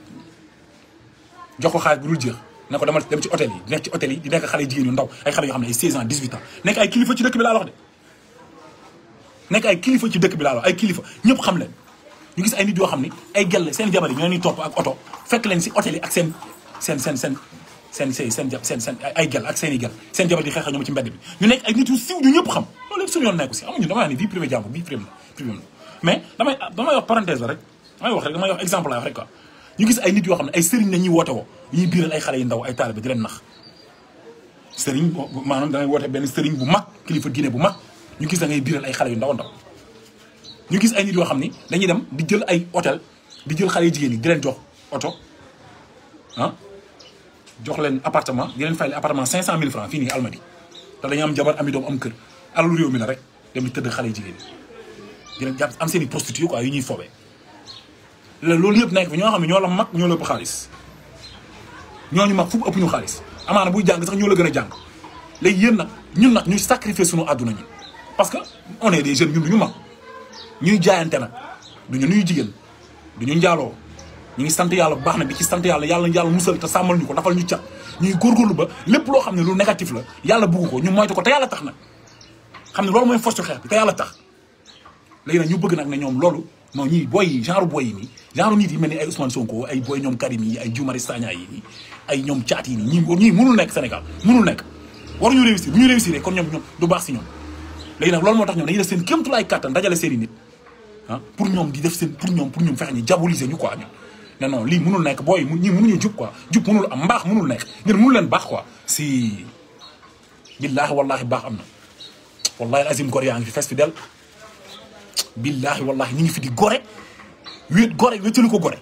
jox ko xaalis bu dul jeex ne ko dem ci hôtel yi nek ci hôtel yi di nek xale jigeen yu ndaw ay xale yo xam ay 16 ans 18 ans nek ay kilifa ci dëkk bi la wax de nek ay kilifa ci dëkk bi la wax ay kilifa ñëpp xam leen ñu gis ay nit yo xamni ay gel seen jabar yi ñu leen di ak auto fekk leen ci hôtel yi ak seen seen seen seen seen seen seen seen seen ay gel ak seen gel seen jabar yi xeex ñoom ci mbedd bi ñu nek ay nit yu siw ñu ñëpp xam loolu suñu yoon nekku si ñu dama ni vie privée jàmm vie privée la mais dama damay wax parenthèse la rek damay wax rek damay wax exemple la wax rek quoi ñu gis ay nit yoo xam ne ay sëriñ la ñuy woote woo ñuy biiral ay xale yu ndaw ay taalibe di leen nax sëriñ maanaam dangay woote benn sëriñ bu mag kilifa diine bu mag ñu gis da ngay biiral ay xale yu ndaw ndaw ñu gis ay nit yoo xam ni dañuy dem di jël ay hôtel di jël xale yu jigéen yi di leen jox oto ah jox leen appartement di leen fayal appartement 500000 francs fii nii Almadi te dañu am jabar ami doom am kër alalu réew mi la rek dem di tëdd xale yu jigéen yi i prostituée quoi yu ñuy foobee. la loolu yëpp nekk fi ñoo xam ne ñoo la mag ñoo la ëpp xaalis ñu mag fu mu ëpp ñu xaalis amaana buy jàng sax ñoo la gën a jàng léegi yéen nag ñun nag ñu sacrifier suñu àdduna ñun parce que on est des jeunes ñun du ñu mag ñuy jaayante nag duñu nuyu jigéen du njaaloo ñu ngi sant yàlla baax na di ci sant yàlla yàlla yàlla musal te sàmmal ñu ko dafal ñu cat ñuy góorgóorlu ba lépp loo xam ne lu négatif la yàlla bugg ko ñu moytu ko te yàlla tax nag xam ne loolu mooy force xeex bi te yàlla tax léegi nag ñu bëgg nag ne ñoom loolu non ñii booy yi genre booy yi nii genre nit yi mel ni ay Ousmane Sonko ay booy ñoom Karim yi ay Guy Marius Sagna yi nii ay ñoom caat yi nii ñii ñii mënul nekk Sénégal mënul nekk waruñu réussir bu ñu réussir kon ñoom ñoom du baax si ñoom léegi nag moo tax ñoom dañuy def seen kéemtulaay kàttan dajale seen i nit ah pour ñoom di def seen pour ñoom pour ñoom fexe ñu diaboliser ñu quoi ñoom ne non lii mënul nekk booy ñi mënuñu jub quoi jub mënul am mbaax mënul nekk ngeen mënul leen baax quoi si billaahi wallaahi baax am na wallaahi azim gor yaa ngi fi fes del بالله والله نيغي في دي غوري ويت غوري ويتلوكو غوري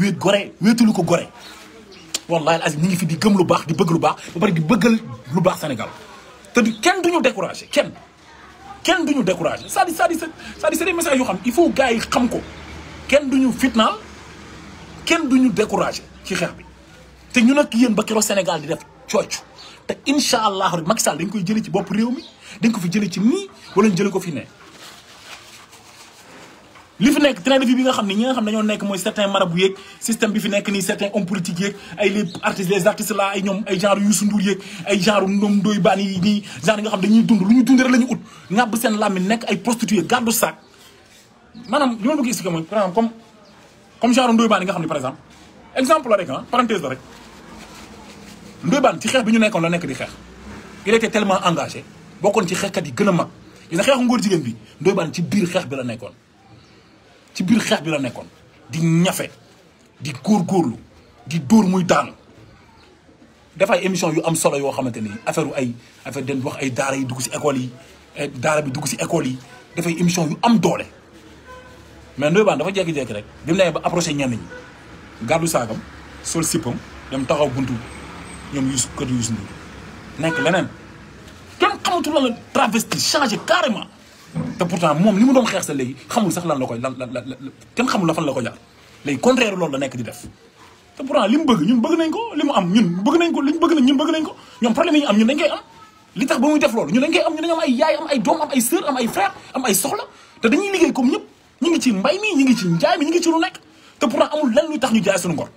ويت غوري ويتلوكو غوري والله العظيم نيغي في دي گم لو باخ دي بگ لو باخ با بار دي بگل لو باخ سنغال تا دي كين دونو ديكوراجي كين كين دونو ديكوراجي سادي سادي سادي سادي ميساج يو خام il faut gaay xam ko كين دونو فيتنال كين دونو ديكوراجي سي خير بي تا ني نك يين با كيرو سنغال دي ديف تشوچو تا ان شاء الله ماكسال دنجكو جيلي سي بوب ريومي دنجكو في جيلي سي ني ولا نجيلي كو في ني li fi que train bi nga système certains hommes politiques ay les artistes les artistes là ay ñom ay genre Youssou Ndour yek ay genre genre nga dañuy dund la ut ay sac manam ñu bëgg comme comme genre nga exemple exemple rek ah, parenthèse la rek ci la il était tellement engagé ci yi mag la bi ci la ci biir xeex bi la nekkoon di ñafe di góorgóorlu di dóor muy daanu dafay émission yu am solo yoo xamante ni affaire ay affaire den wax ay daara yi dugg si école yi daara bi dugg si école yi dafay émission yu am doole mais Ndoye Bane dafa jekki jékki rek bi mu nee ba approché ñenn ñi gàddu saagam sol sippam dem taxaw buntu ñoom Youssou kër Youssou Ndour nekk leneen kenn xamatul la la travesti changé carrément te pourtant moom li mu doon xeex sa léegi xamul sax lan la koy lan lan la kenn xamul la fan la ko jaar léegi contraire loolu la nekk di def te pourtant li mu bëgg ñun bëgg nañ ko li mu am ñun bëgg nañ ko li ñu bëgg nañ ñun bëgg nañ ko ñoom problème yi ñu am ñun dañ koy am li tax ba muy def loolu ñun dañ koy am ñu dañu am ay yaay am ay doom am ay sœur am ay frère am ay soxla te dañuy liggéey comme ñëpp ñu ngi ci mbay mi ñu ngi ci njaay mi ñu ngi ci lu nekk te pourtant amul lan luy tax ñu jaay suñu ngor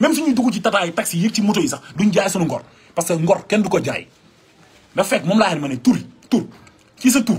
même suñuy dugg ci tataay taxi yéeg ci moto yi sax duñ jaay suñu ngor parce que ngor kenn du ko jaay da fekk moom laa xam ne tur tur ci sa tur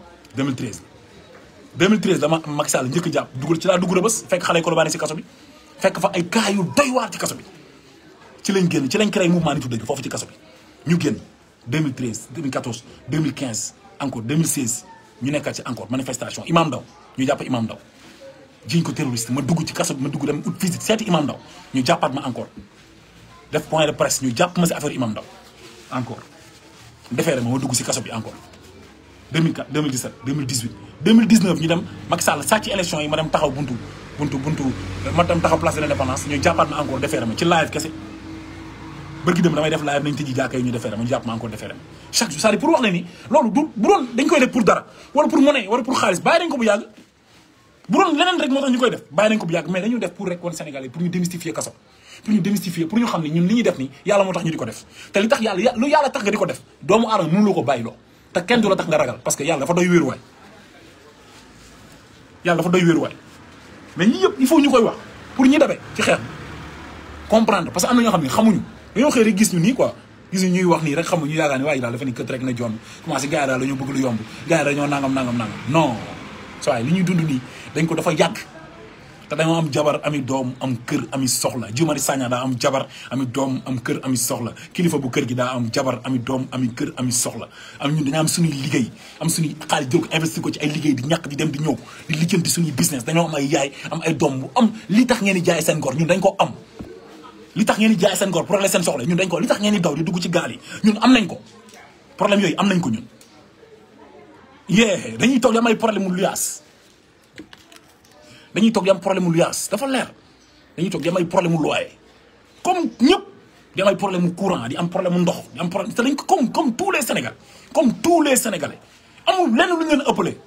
2013 2013 dama am Macky Sall njëkk a jàpp dugal ci laa dugg Rebeuss fekk xale yi Colobane si kaso bi fekk fa ay cas yu doy waar ci kaso bi ci lañ génn ci lañ créé mouvement nitu dëgg foofu ci kaso bi ñu génn 2013 2014 2015 encore 2016 ñu nekkaat ci encore manifestation Imam Ndaw ñu jàpp Imam Ndaw ma dugg ci kaso bi ma dugg dem ut visite seeti ñu jàppaat ma encore def point de presse ñu jàpp ma si affaire Imam Ndaw encore defeere ma ma dugg si kaso bi encore 2004 2017 2018 2019 ñu dem Macky Sall sàcc élection yi ma dem taxaw buntu buntu buntu ma dem taxaw place de l'indépendance ñu jàppaat ma encore defeere ma ci live kese bërki dem damay def live nañ tëji jàkka yi ma la ni loolu dañ koy def pour dañ ko bu yàgg bu doon leneen rek moo tax ñu koy def bàyyi nañ ko bu yàgg mais dañu def pour rek wan Sénégalais pour ñu démystifier kaso pour ñu démystifier pour ñu xam ne ñun li ñuy def ni yàlla moo tax ñu di ko def te li tax yàlla yàlla te kenn du la tax nga ragal parce que yàlla dafa doy wéeruwaay yàlla dafa doy wéeruwaay mais ñi yëpp il faut ñu koy wax pour ñi dabe ci xeex comprendre parce que am na ñoo xam ne xamuñu dañoo xëy rek gis ñu nii quoi gis ñuy wax nii rek xamuñu yaakaar ne waa ji daal dafa ni kët rek na joon commencé gars yi daal la bëgg lu yomb gars yi dañoo nangam nangam nangam non saa li ñuy dund nii dañ ko dafa yàgg te danga am jabar ami doom am kër ami soxla Guy Marius Sagna daa am jabar ami doom am kër ami soxla kilifa bu kër gi daa am jabar ami doom ami kër ami soxla am ñun dañu am suñuy liggéey am suñuy xaalis jël ko ko ci ay liggéey di ñàkk di dem di ñëw di lijjanti suñuy dañoo am ay yaay am ay doom bu am li tax ngeen di jaay seen ngor ñun dañ ko am li tax ngeen di jaay seen ngor problème seen soxla ñun dañ ko li tax ngeen di daw di dugg ci gaal yi ñun am nañ ko problème yooyu am nañ ko ñun yee dañuy toog di am ay problème mu luyaas dañuy toog di am problème mu luyaas dafa leer dañuy toog di am ay problème mu loyer comme ñëpp di am ay problème courant di am problème mu ndox di am problème te ko comme comme tous les Sénégalais comme tous les Sénégalais amul lenn lu ñu leen ëppalee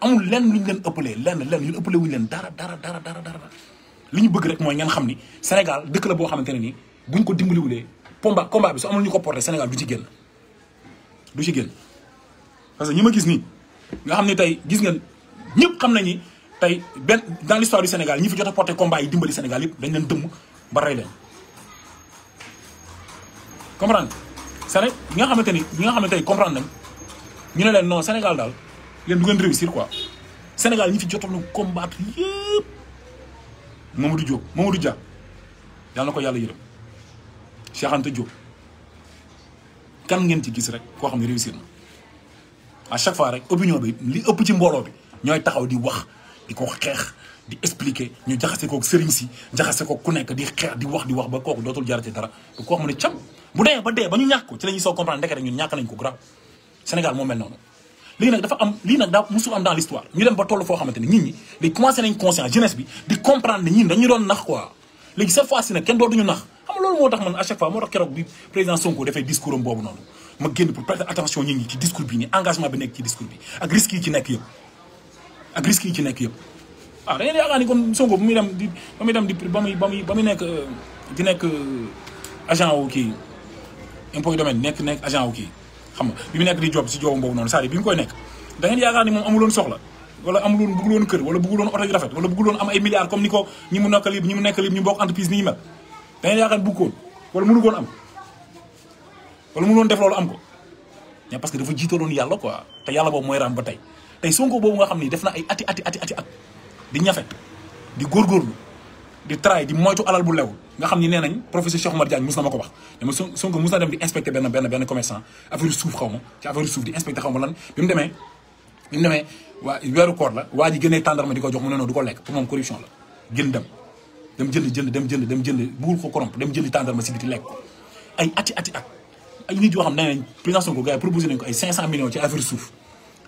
amul lenn lu ñu leen ëppalee lenn lenn ñu ëppalee leen dara dara dara dara dara li ñu bëgg rek mooy ngeen xam ni Sénégal dëkk la boo xamante ne nii buñ ko dimbaliwulee combat combat bi su amul ñu ko porté Sénégal du ci génn du ci génn parce que ñi ma gis nii nga xam ne tey gis ngeen ñepp xam nañ ni tay ben, dans l'histoire du Sénégal ñi fi jotta a combat yi dimbali Sénégal yépp dañ leen dëmm ba ray leen comprendre c'est ñi nga xamanteni ñi nga xamanteni comprendre nañ ñu ne leen non Sénégal dal leen du gën réussir quoi Sénégal ñi fi jotoon na combattre yépp Mamadou Diop Mamadou Dia dal nako yalla yàlla Cheikh Anta Diop kan ngeen ci gis rek ko xamni réussir na à chaque fois rek opinion bi li ëpp ci mbolo bi ñooy taxaw di wax di ko xeex di expliquer ñu jaxase ko sëriñ si jaxase kook ku nekk di xex di wax di wax ba koku dootul jarati dara bu ko wax mu ne cam bu dé ba dé ba ñu ñak ko ci lañu so comprendre ndeke rek ñun ñak nañ ko grave Sénégal mo mel non li nak dafa am li nak da musul am dans l'histoire ñu dem ba tollu fo xamanteni nit ñi li commencé nañ conscience jeunesse bi di comprendre ñi dañu doon nax quoi léegi cette fois ci nag kenn dootuñu nax xam nga loolu moo tax man à chaque fois mo tax kérok bi président Sonko defee discours bobu boobu ma génn pour prêter attention ñi ñi ci discours bi ni engagement bi nekk ci discours bi ak risque yi ci nekk yépp ak risques yi ci nekk yëpp waaw ah, da ngeen yaakaar ni kon Sonko muy dem di ba muy dem di ba muy ba ba muy nekk euh, di nekk euh, agent wu kii impôt nekk nekk agent wu kii xam nga bi mu nekk di job si jobu boobu noonu cest à bi mu koy nekk da ngeen yaakaar ni moom amuloon soxla wala amuloon bëgguloon kër wala bëgguloon oto yu rafet wala bëgguloon am ay milliards comme ni ko ñi mu nekk lib ñi mu nekk lib entreprise ni ñu mel da ngeen yaakaar bëggoon wala mënu koon am wala mu loon def am ko mais parce que dafa yàlla quoi te yàlla boobu mooy raam ba tey tey Sonko bobu nga xamni def na ati ati ati ati di di di tray di alal bu nga professeur Cheikh wax dem di pour corruption la dem président 500 millions ci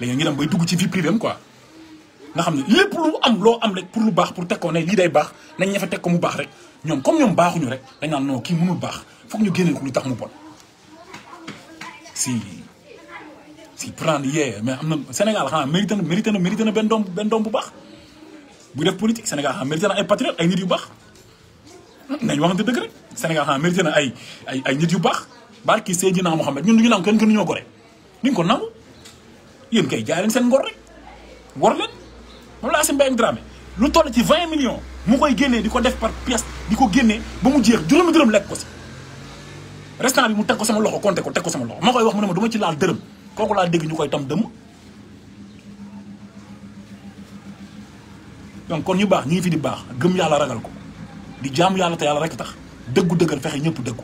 Mais ñu y bay dugg vie privée quoi lu am pour lu pour comme ont rek dañ naan non ñu ko lu tax mu bon si si mais Sénégal xanaa des na mérité ben dom, bu bu def politique Sénégal xanaa mérité ay patriote ay nit yu nañ waxante rek Sénégal xanaa mérité ay ay ay nit yu baax barki Seydina Mohamed ñun du ñu naan kenn gënuñoo ko yéen kay jaay seen ngor war leen moom laa si lu toll ci 20 millions mu koy génnee di ko def par pièce di ko génnee ba mu jeex juróomi dërëm lekk ko si. restant bi mu teg ko loxo compté ko teg sama loxo ma koy wax mu ne ma ci laal dërëm kooku dégg ñu koy tam dëmm. donc kon ñu baax ñi di baax gëm yàlla ragal ko di jaamu yàlla te yàlla rek tax dëggu dëggal fexe ñëpp dëggu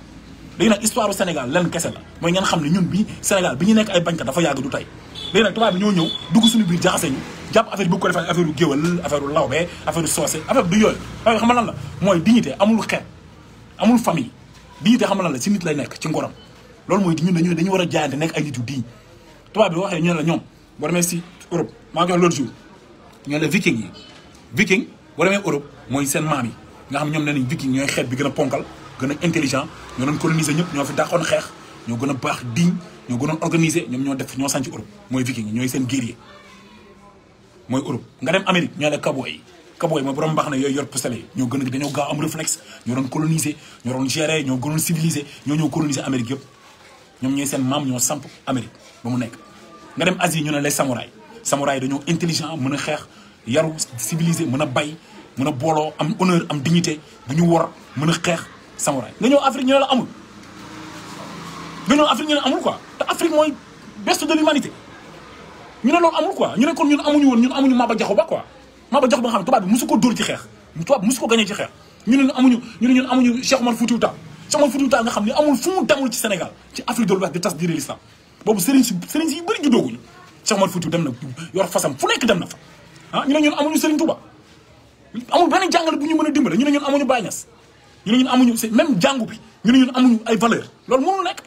léegi nag histoire du Sénégal lenn kese la mooy ngeen xam ne ñun bi Sénégal bi ñu nekk ay bañkat dafa yàgg du tey. léegi nag tubaab bi ñoo ñëw dugg suñu biir jaxase ñu jàpp affaire bu ko defee affaire u géwal affaire u lawbe affaire u soose affaire du yooyu affaire xam nga la mooy dignité amul xeet amul famille dignité xam nga lan la si nit lay nekk ci ngoram loolu mooy ñun dañu dañu war a jaayante nekk ay nit yu diñ tubaab bi waxee ñu ne la ñoom boo demee si Europe maa ngi wax l'autre ne la viking yi viking boo demee mooy seen maam yi nga xam ñoom nee nañ viking ñooy xeet bi gën a ponkal gën a intelligent ñoo doon coloniser ñëpp ñoo fi dàqoon xeex ñoo gën a baax diñ ñoo gënoon organisé ñoom ñoo def ñoo sànc Europe mooy viking ñooy seen guerrier mooy Europe nga dem Amérique ñoo la cowboy yi cowboy mooy borom mbax na yooyu yor postale yi ñoo gën a dañoo gaaw am réflexe ñoo doon colonisé ñoo doon géré ñoo gënoon civilisé ñoo ñoo colonisé Amérique yëpp ñoom ñooy seen maam ñoo samp Amérique ba mu nekk nga dem Asie ñu ne les samouraay samouraay dañoo intelligent mën a xeex yaru civilisé mën a bay mën a booloo am honneur am dignité bu ñu war mën a xeex samouraay nga ñëw Afrique ñu la amul nga ñëw Afrique ñu ne amul quoi te Afrique mooy best de l'humanité ñu ne loolu amul quoi ñu ne kon ñun amuñu woon ñun amuñu Maba Diakhou Ba quoi Maba Diakhou Ba nga xam ne tubaab bi musu ko dóor ci xeex tubaab bi musu ko gañee ci xeex ñu ne ñun amuñu ñu ne ñun amuñu Cheikh Omar Foutiyou Tall Cheikh Omar Foutiyou Tall nga xam ne amul fu mu ci Sénégal ci Afrique de l'Ouest di tas di l'islam boobu sëriñ si sëriñ si dem na yor fasam fu nekk dem na fa ah ñu ne ñun amuñu Serigne Touba amul benn jàngale bu ñu mën a dimbale ñu ne ñun amuñu Baye Niass ñu ne ñun amuñu même jàngu bi ñu ne ñun amuñu ay valeur loolu mënul nekk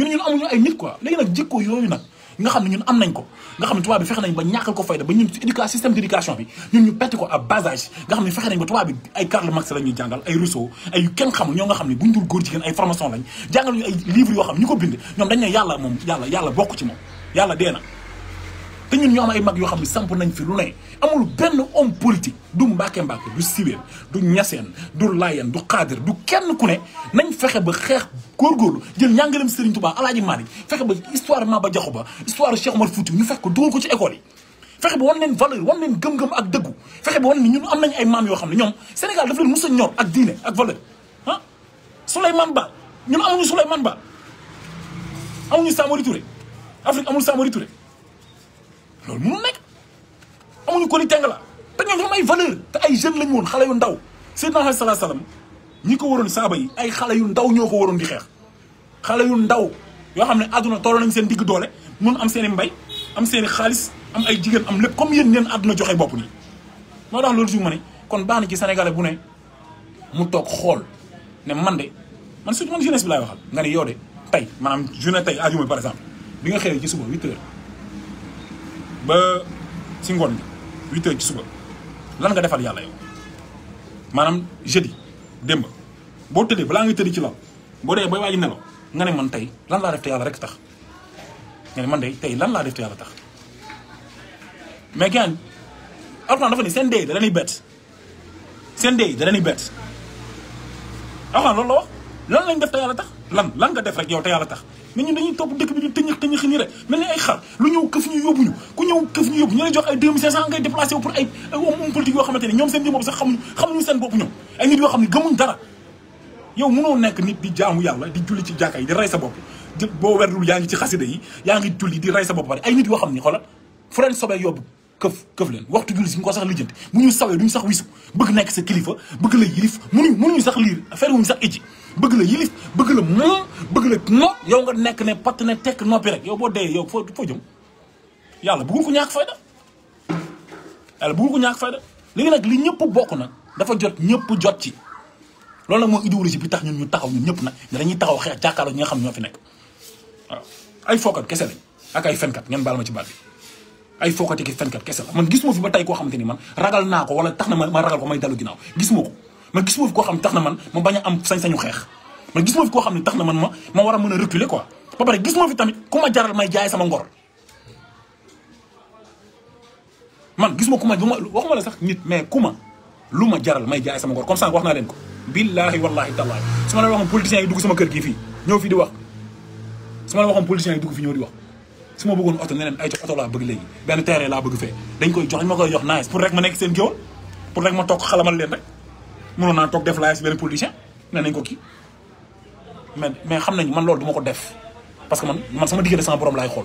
ñun ñun amuñu ay nit quoi léegi nag jikko yooyu nag nga xam ne ñun am nañ ko nga xam ne tubaab bi fexe nañ ba ñàkkal ko fayda ba ñun ci éducation système d' éducation bi ñun ñu perte ko à basage nga xam ne fexe nañ ba tubaab bi ay Karl Marx la ñuy jàngal ay Rousseau ay kenn xamul ñoo nga xam ne buñ dul góor jigéen ay formation lañ jàngal ñu ay livres yoo xam ñu ko bind ñoom dañ ne yàlla moom yàlla yàlla bokk ci moom yàlla dee na te ñun ñu am ay mag yoo xam ne samp nañ fi lu ne amul benn homme politique du Mbàkke Mbàkke du Sibeen du Ñaseen du Laayeen du Xaadir du kenn ku ne nañ fexe ba xeex góorgóorlu jël njàngaleem Serigne Touba Alaaji Maalik fexe ba histoire Maba Jaxu Ba histoire Cheikh Omar Fouti ñu fekk ko dugal ko ci école yi fexe ba wan leen valeur wan gëm-gëm ak dëggu fexe ba wan ni ñun am nañ ay maam yoo xam ne ñoom Sénégal daf leen mos a ñor ak diine ak valeur ah Souleymane Ba ñun amuñu Souleymane Ba amuñu Samori Touré Afrique amul Samori Touré loolu mënul nekk amuñu ko ni teng la te ñoo am ay valeur te ay jeunes lañu woon xale yu ndaw Seydina Muhammad sallallahu alayhi ñi ko waroon saaba yi ay xale yu ndaw ñoo ko waroon di xeex xale yu ndaw yoo xam ne àdduna tolloo nañ seen digg doole mun am seen i mbay am seen i xaalis am ay jigéen am lépp comme yéen neen àdduna joxe bopp nii moo tax loolu si ma ne kon baax na ci sénégalais bu ne mu toog xool ne man de man surtout man jeunesse bi laay waxal nga ne yow de tey maanaam journée tey ajuma par exemple bi nga xëyee ci suba 8 heures ba ci ngoon bi huit ci suba lan nga defal yàlla yow maanaam jeudi démb boo tëddee balaa nga tëddi ci lal boo dee bay waaji nelaw nga ne man tey lan laa def te yàlla rek tax nga ne man de tey lan laa def te yàlla tax mais gaan alxuraan dafa ni seen dee da leen di bett seen dee da leen di bett alxuraan loolu la wax lan lañ def te yàlla tax lan lan nga def rek yow te yàlla tax mais ñun dañuy top dëkk bi di tëñ tëñ xini rek mel ay xar lu ñëw këf ñu yóbbu ñu ku ñëw këf ñu yóbbu ñu lay jox ay 2500 ngay déplacer wu pour ay homme politique yo xamanteni ñom seen jëm bopp sax xamnu xamnu seen bop ñom ay nit yo xamni gëmuñ dara yow mënoo nekk nit di jaamu yàlla di julli ci jàkka di ray sa bop bo werlu yaangi ci xasida yi yaangi julli di ray sa bop ay nit yo xamni xolal xoolal fu leen sobee yóbbu keuf keuf len waxtu julli suñu ko sax lijjanti bu ñu sawé duñ sax wisu bëgg nekk sa kilifa bëgg la yilif mënuñu mënuñu sax lire affaire wuñu sax ijji bëgg la yilif bëgg la moom bëgg la noot yow nga nekk ne patt ne tekk noppi rek yow boo dee yow foo foo jëm yàlla bëggul ko ñàkk fayda yàlla bëggul ko ñàkk fayda léegi nag li ñëpp bokk nag dafa jot ñëpp jot ci loolu nag mooy idéologie bi tax ñun ñu taxaw ñun ñëpp nag ne dañuy taxaw xeex jàkkaarloo ñi nga xam ñoo fi nekk waaw ay fookat kese lañ ak ay fenkat ngeen baal ma ci baat bi ay fookati ki fenkat kese la man gisuma fi ba tey koo xamante ni man ragal naa ko wala tax na ma ragal ko may dalu ginnaaw ko man gisuma fi koo xam ne tax na man ma bañ am sañ-sañu xeex man gisuma fi koo xam ne tax na man ma ma war a mën a reculer quoi ba pare gisuma fi tamit ku ma jaral may jaay sama ngor man gisuma ku ma bu ma waxuma la sax nit mais ku ma lu ma jaral may jaay sama ngor comme ça wax naa leen ko billaahi wallaahi tallaahi su ma la waxoon politiciens yi dugg sama kër gii fi ñëw fii di wax su ma la waxoon politiciens yi dugg fi ñëw di wax su ma bëggoon oto ne leen ay co oto benn terrain laa bëgg fee koy jox dañ ma rek ma nekk seen géwal pour rek ma toog xalamal leen mënon na tok def la ci ben politicien nee nañ ko ki mais mais man lool duma ko def parce que man man sama diggante sama borom lay xol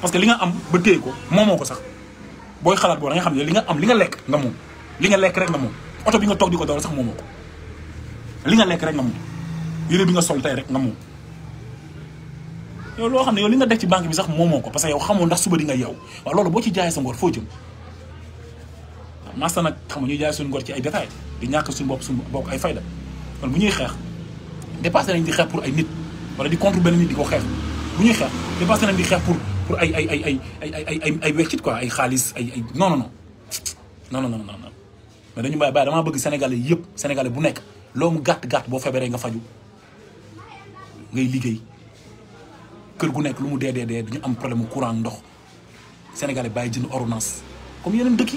parce que li nga am ba téy ko moomoo ko sax boy xalat bo nga xam li nga am li nga namu, nga mom li nga lek rek nga mom auto bi nga tok di dool sax moomoo li nga lek rek nga mom yére bi nga sol tay rek nga mom yow lo xam yow li nga def ci banque bi sax moomoo ko parce que yow xamoo ndax suba di nga yow wa bo ci jaay sa ngor fo jëm masta nag xam nga ñuy jaay suñu ngor ci ay détails di ñàkk suñu bopp suñu bokk ay fayda kon bu ñuy xeex dépassé nañ di xeex pour ay nit wala di contre benn nit di ko xeex bu ñuy xeex dépassé nañ di xeex pour pour ay ay ay ay ay ay weccit quoi ay xaalis ay ay non non non non non non non mais dañu bàyyi bàyyi damaa bëgg sénégalais yëpp sénégalais bu nekk loo mu gàtt gàtt boo feebaree nga faju ngay liggéey kër gu nekk lu mu dee dee dee dañu am problème mu courant ndox sénégalais bàyyi jënd ordonnance dëkk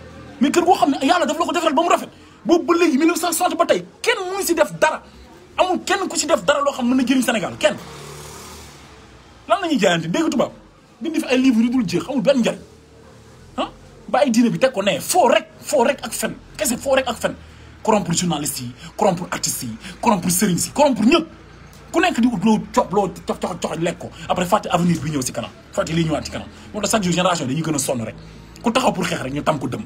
mais kër goo xam ne yàlla daf la ko defaral ba mu rafet boobu ba léegi 1960 ba tey kenn mënu si def dara amul kenn ku si def dara loo xam mën na jëriñ Sénégal kenn lan la ñuy jaayante dégg tubaab bind fi ay livres yu dul jeex amul benn njariñ ah bàyyi diine bi teg ko nee foo rek foo rek ak fen kese foo rek ak fen corrompre journalistes yi corrompre artistes yi corrompre sëriñ si corrompre ñëpp ku nekk di loo cob loo cox cox lekk ko après fàtte avenir bi ñëw si kanam fàtte lii ñëwaat si kanam moo sonn rek ku taxaw pour xeex rek ñu tam ko dëmm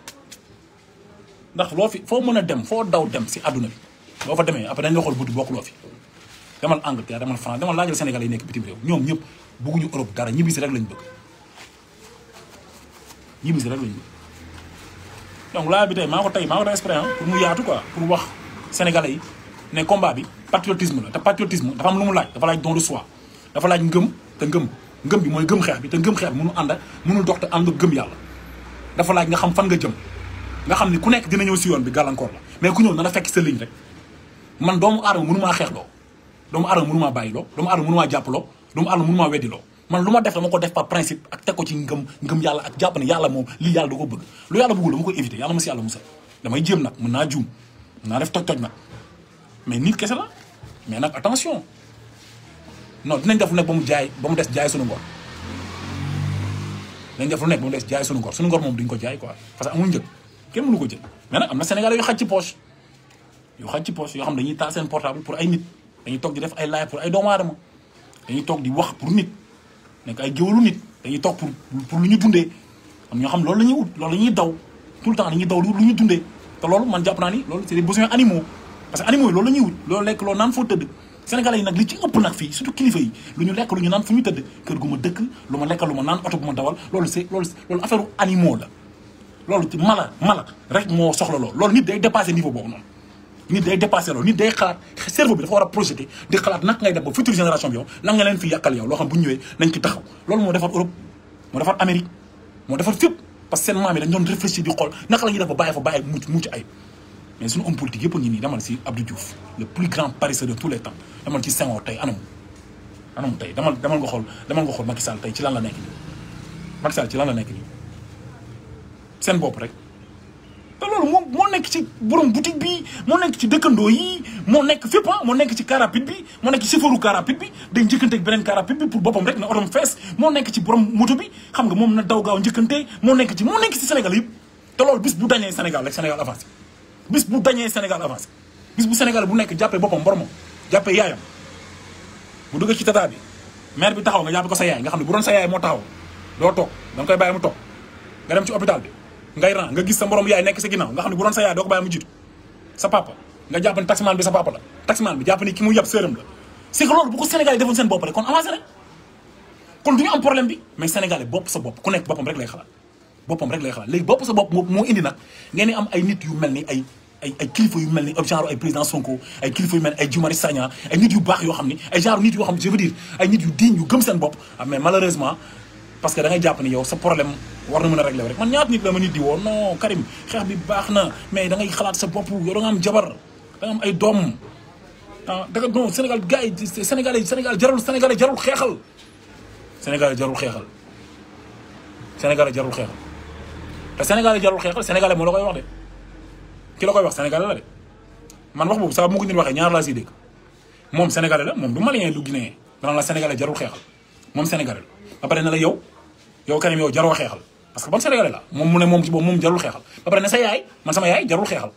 ndax lo fi fo meuna dem fo daw dem si aduna bi bo fa demé après dañ nga buddu bokku lo fi demal Angleterre demal France demal laajal Sénégal yi nekk bitim ñom ñep bëggu ñu Europe dara ñibbi rek lañ bëgg ñibbi rek lañ bëgg donc la bi tay mako tay mako da esprit hein ah, pour mu yaatu quoi pour wax sénégalais yi né combat bi patriotisme la té patriotisme dafa am lu mu laaj dafa laaj don de soi dafa laaj ngëm té ngëm ngëm bi moy gëm xex bi té ngëm xex mënu ànd mënu dox te ànd gëm yalla dafa laaj nga xam fan nga jëm nga xam ni ku nekk dina ñëw si yoon bi gàllankoor la mais ku ñëw na la fekk sa ligne rek man doomu aadama mënumaa xeex loo doomu aadama mënumaa bàyyi loo doomu aadama mënumaa jàpp loo doomu aadama mënumaa weddi loo man lu ma def dama ko def par principe ak teg ko ci ngëm ngëm yàlla ak jàpp ne yàlla moom lii yàlla da ko bëgg lu yàlla bëggul dama ko éviter yàlla ma si yàlla musal damay jéem nag mën naa juum mën naa def toj-toj nag mais nit kese la mais nag attention non dinañ def lu nekk ba mu mu jaay ba mu des jaay suñu ngor suñu ngor moom duñ ko jaay quoi parce que amul njëg kenn mënu ko jël mais nag am sénégalais yu xaj ci poche yu xaj ci poche yo xam dañuy taal sen portable pour ay nit dañuy tok di def ay live pour ay doom aadama dañuy tok di wax pour nit nek ay jëwlu nit dañuy tok pour pour luñu dundé am ñu xam loolu lañuy wut loolu lañuy daw tout temps dañuy daw luñu dundé té loolu man japp naa ni loolu c'est des besoins animaux parce que animaux loolu lañuy wut loolu lek lo naan fo teud sénégalais yi nak li ci ëpp nak fi surtout kilifa yi luñu lek luñu lu ñu naan fu ñu tëdd kër guma dëkk luma lek luma lu auto buma dawal loolu c'est loolu loolu affaire animaux la loolu ci mala mala rek moo soxla loolu loolu nit day dépassé niveau boobu noonu nit day dépassé loolu nit day xalaat cerveau bi dafa war a projeté di xalaat naka ngay def ba future génération bi yow nan leen fi yàqal yow loo xam bu ñu ñëwee nañ ci taxaw loolu moo defar Europe moo defar Amérique moo defar fépp parce que seen maam yi dañ doon réfléchir di xool naka la ñuy def ba bàyyi fa bàyyi mucc mucc ayib mais suñu homme politique yëpp a ngi nii demal si Abdou Diouf le plus grand paresseux demal ci Senghor tey xool demal nga xool Macky Sall ci lan la nekk nii Macky Sall ci lan sen bop rek da loolu mo mo nek ci borom boutique bi mo nek ci dekkando yi mo nek fep ah moo nekk ci car bi mo nek ci chauffeuru car bi day jëkënte ak benen car bi pour bopam rek na autom fess mo nek ci borom moto bi xam nga mom na daw gaaw jëkënte mo nek ci mo nek ci senegal yi da loolu bis bu dañé senegal rek senegal avance bis bu dañé senegal avance bis bu senegal bu nek jappé bopam borom jappé yaayam bu dugg ci tata bi maire bi taxaw nga jappé ko sa yaay nga xam ne bu doon sa yaay mo taxaw do tok dang koy bàyyi mu nga dem ci hôpital bi ngay ran nga gis sa morom yaay nek sa ginaaw nga xam bu doon sa yaay doko baye mu jiitu sa papa nga jàpp ne taximaan bi sa papa la taximan bi japp ni ki mu yab seureum la c'est que loolu bu ko sénégalais defoon sen bopp rek kon avancer rek kon duñu am problème bi mais sénégalais bop sa bop ku nek bopam rek lay xalat bopam rek lay xalat léegi bop sa bopp mo indi nak ngay ni am ay nit yu melni ay ay ay kilifa yu melni ni genre ay président Sonko ay kilifa yu mel ay Guimari Sagna ay nit yu baax yo xamni ay genre nit yoo xam je veux dire ay nit yu digne yu gëm sen bop ah, mais malheureusement parce que da ngay japp ni yow sa problème war na régler rek man ñaat nit la ma di woo non Karim xex bi baxna mais da ngay xalaat sa bop yow da nga am jabar da nga am ay dom ah da nga non Sénégal gaay Senegal, Sénégal Sénégal jarul Sénégal jarul xeexal Sénégal jarul xeexal Sénégal jarul xeexal da Sénégal jarul xeexal Sénégal mo la koy wax de ki la koy wax Sénégal la de man wax bobu sa bu ngi ni nit Mom, ñaar la ci dégg mom sénégalais la mom du malien du guinéen dans la sénégalais jarul mom sénégalais ba pare na la yow yow Karim yow jaroo xeexal parce que bon sénégalais la moom mu ne moom ci boobu moom jarul xeexal ba pare ne sa yaay man sama yaay jarul xeexal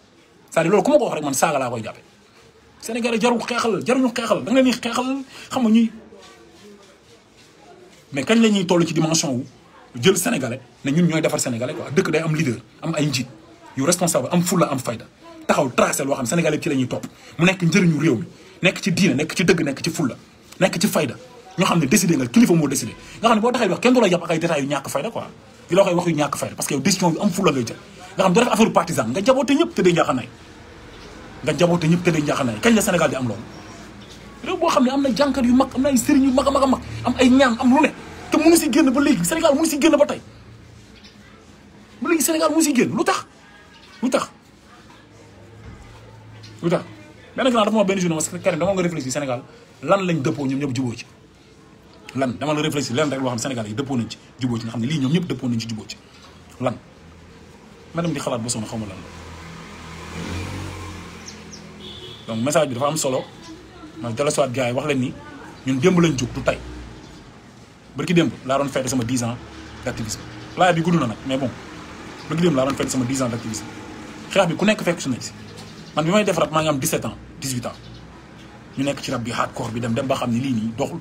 c'est-à-dire loolu ku ma ko wax rek man saaga laa koy xeexal da nga leen di xam nga ñuy mais kañ la ñuy toll ci dimension wu jël sénégalais ne ñun ñooy defar sénégalais quoi dëkk day am leader am ay njiit yu responsable am fulla am fayda taxaw tracé loo xam sénégalais ci la ñuy topp mu nekk njëriñu réew mi nekk ci diine nekk ci dëgg nekk ci fulla nekk ci fayda loo xam décider nga kilifa mo décider nga xam bo taxay wax kenn du la yàpp ay détails yu ñak fayda quoi di la koy wax yu ñak fayda parce que yow décision yu am fu la ngay jël nga xam do def affaire partisan nga jaboote té tëddee njaaxanaay nga jaboote té tëddee njaaxanaay kañ la Sénégal di am lool rew bo xam amna am yu mag amna ay sëriñ yu mag a mag mag am ay ñaan am lu né té mënu ci génn ba légui Sénégal mënu ci génn ba tay ba légui Sénégal mënu ci génn lu tax lu tax lu tax benn grand dafa ma benn jour ne Karim dama nga réfléchir Sénégal lan lañ dëppoo ñom ñep jubóo ci lan dama la réfléchir lan rek lo xam Sénégal yi depo nañ ci djubo ci nga xam ni li ñom ñep depo nañ ci djubo ci lan ma di xalat bu sonu xamul lan donc message bi dafa am solo man dala soit gaay wax leen ni ñun demb lañ jug du tay barki demb la ron fête sama 10 ans d'activisme la bi gudd nak mais bon barki demb la ron fête sama 10 ans d'activisme activisme bi ku nekk fekk su nañ man bi may def rap ma ngi am 17 ans 18 ans ñu nekk ci rap bi hardcore bi dem dem ba xam ni li ni doxul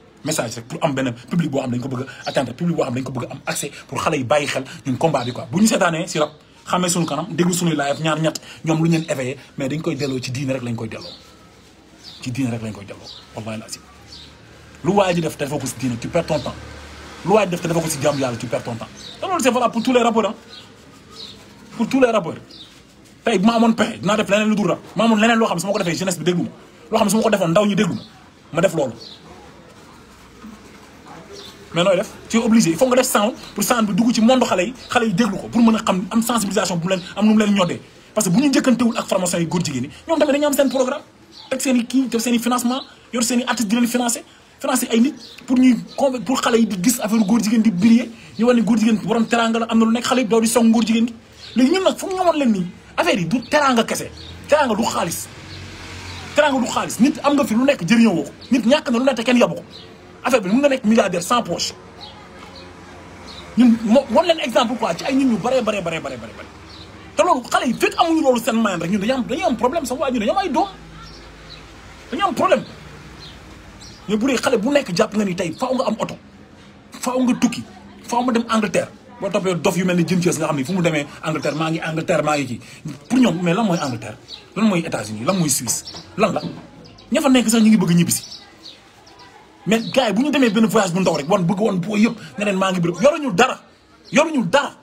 message rek pour am ben public bo xam dañ ko bëgg a public bo xam dañ ko bëgg am accès pour xalé yi bayyi xel ñun combat bi quoi buñu ñu seetaanee si rab suñu kanam déglu suñu live ñaar ñett ñom lu ñu leen éveillé mais dañ koy délo ci diine rek lañ koy délo ci diine rek lañ koy délo wallahi la azim lu waji def dafa ko ci diine tu perds ton temps lu waji def dafa ko ci jàmm yalla tu perds ton temps te loolu c'est valable pour tous les rappeurs hein. pour tous les rappeurs tay bu ma amoon pexe na def leneen lu dur rap ma amone leneen lo xam sama ko defee jeunesse bi déglu lo xam sama ko defoon ndaw ñi déglu ma def lolu mais nooy def ci obligé il faut nga def sound pour sound bi dugg ci monde xalé yi xale yi déglu ko pour mën xam am sensibilisation bu mu am nu mu leen parce que buñu ñu njëkkantewul ak formation yi góor jigéen ñi ñoom dañu am sen programme ak sen ki kii sen financement yor sen artiste di leen financer financé ay nit pour ñuy convaincre pour xalé yi di gis affaire góor jigéen di briller ñu wax ne góor borom teranga la am na lu nekk xalé do di song góor jigéen gi ñun nak fu mu ñoomoon leen ni affaire yi du teranga kese teranga du xaliss teranga du xaliss nit am nga fi lu nekk jëriñoo woo nit ñak na lu nekk te kenn yabu affaire bi mu nga nekk milliardaire sans poche ñun moo wan leen exemple quoi ci ay nit ñu bare bare bare bare bare te loolu xale yi fekk amuñu loolu seen moyen rek ñun dañu am dañuy am problème ay doom dañu am problème mais bu xale bu nekk jàpp nga ni tey faaw nga am oto faaw nga tukki faaw nga dem Angleterre boo toppee dof yu mel ni Jim Thiès nga xam ne fu mu demee Angleterre maa ngi Angleterre maa ngi kii pour ñoom mais lan mooy Angleterre lan mooy États-Unis lan mooy Suisse lan la ña fa nekk sax ñu ngi bëgg ñibbisi mais gars yi bu ñu demee benn voyage bu ndaw rek wan bëgg wan boo yëpp ne leen maa ngi bëri yoruñu dara yoruñu dara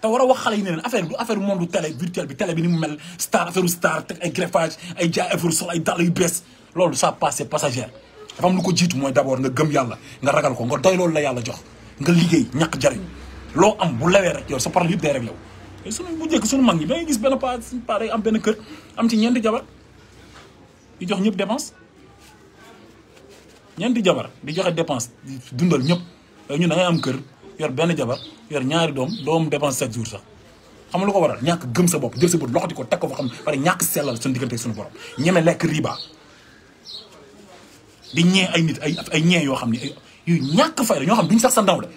te war a wax xale yi ne leen affaire du affaire monde télé virtuel bi télé bi ni mu mel star affaire star teg ay greffage ay jaay affaire sol ay dàll yu bees loolu ça passe passagère dafa am lu ko jiitu mooy d'abord nga gëm yàlla nga ragal ko nga doy loolu la yàlla jox nga liggéey ñàkk jariñ loo am bu lewee rek yow sa problème yëpp day réglé wu suñu bu njëkk suñu mag ñi da ngay gis benn pa pa day am benn kër am ci ñeenti jabar di jox ñëpp dépense ñeenti jabar di joxe dépense dundal ñëpp ñu da ngay am kër yor benn jabar yor ñaari doom doom dépense chaque jour sax xam lu ko waral ñàkk gëm sa bopp jël sa bët loxoti ko takk ko fa xam pare ñàkk sellal suñu diggante suñu borom ñeme lekk riba di ñee ay nit ay ay ñee yoo xam ne yu ñàkk fay la ñoo xam duñu sax sa ndaw la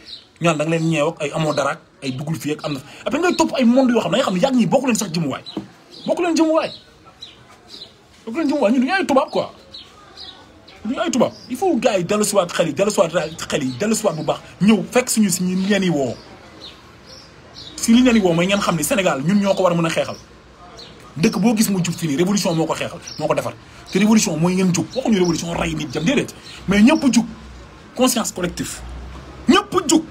ñaan da nga leen ñeew ak ay amoo dara ay duggul fii am na après ngay topp ay monde yoo xam ne nga xam ne yàgg ñi bokku leen sax jëmuwaay bokku leen jëmuwaay bokku leen jëmuwaay ñu du ñu ay tubaab quoi il faut gars yi dellusiwaat le soir. Nous, nous bu baax ñëw fekk suñu si nous nous li Sénégal Nous, nous avons nous. a a gis mu révolution moo Nous révolution mooy ngeen Nous révolution nit jam mais nous conscience collective Nous jug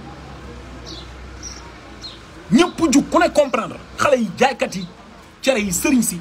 Nous ku Nous comprendre xale yi jaaykat yi Nous yi sëriñ si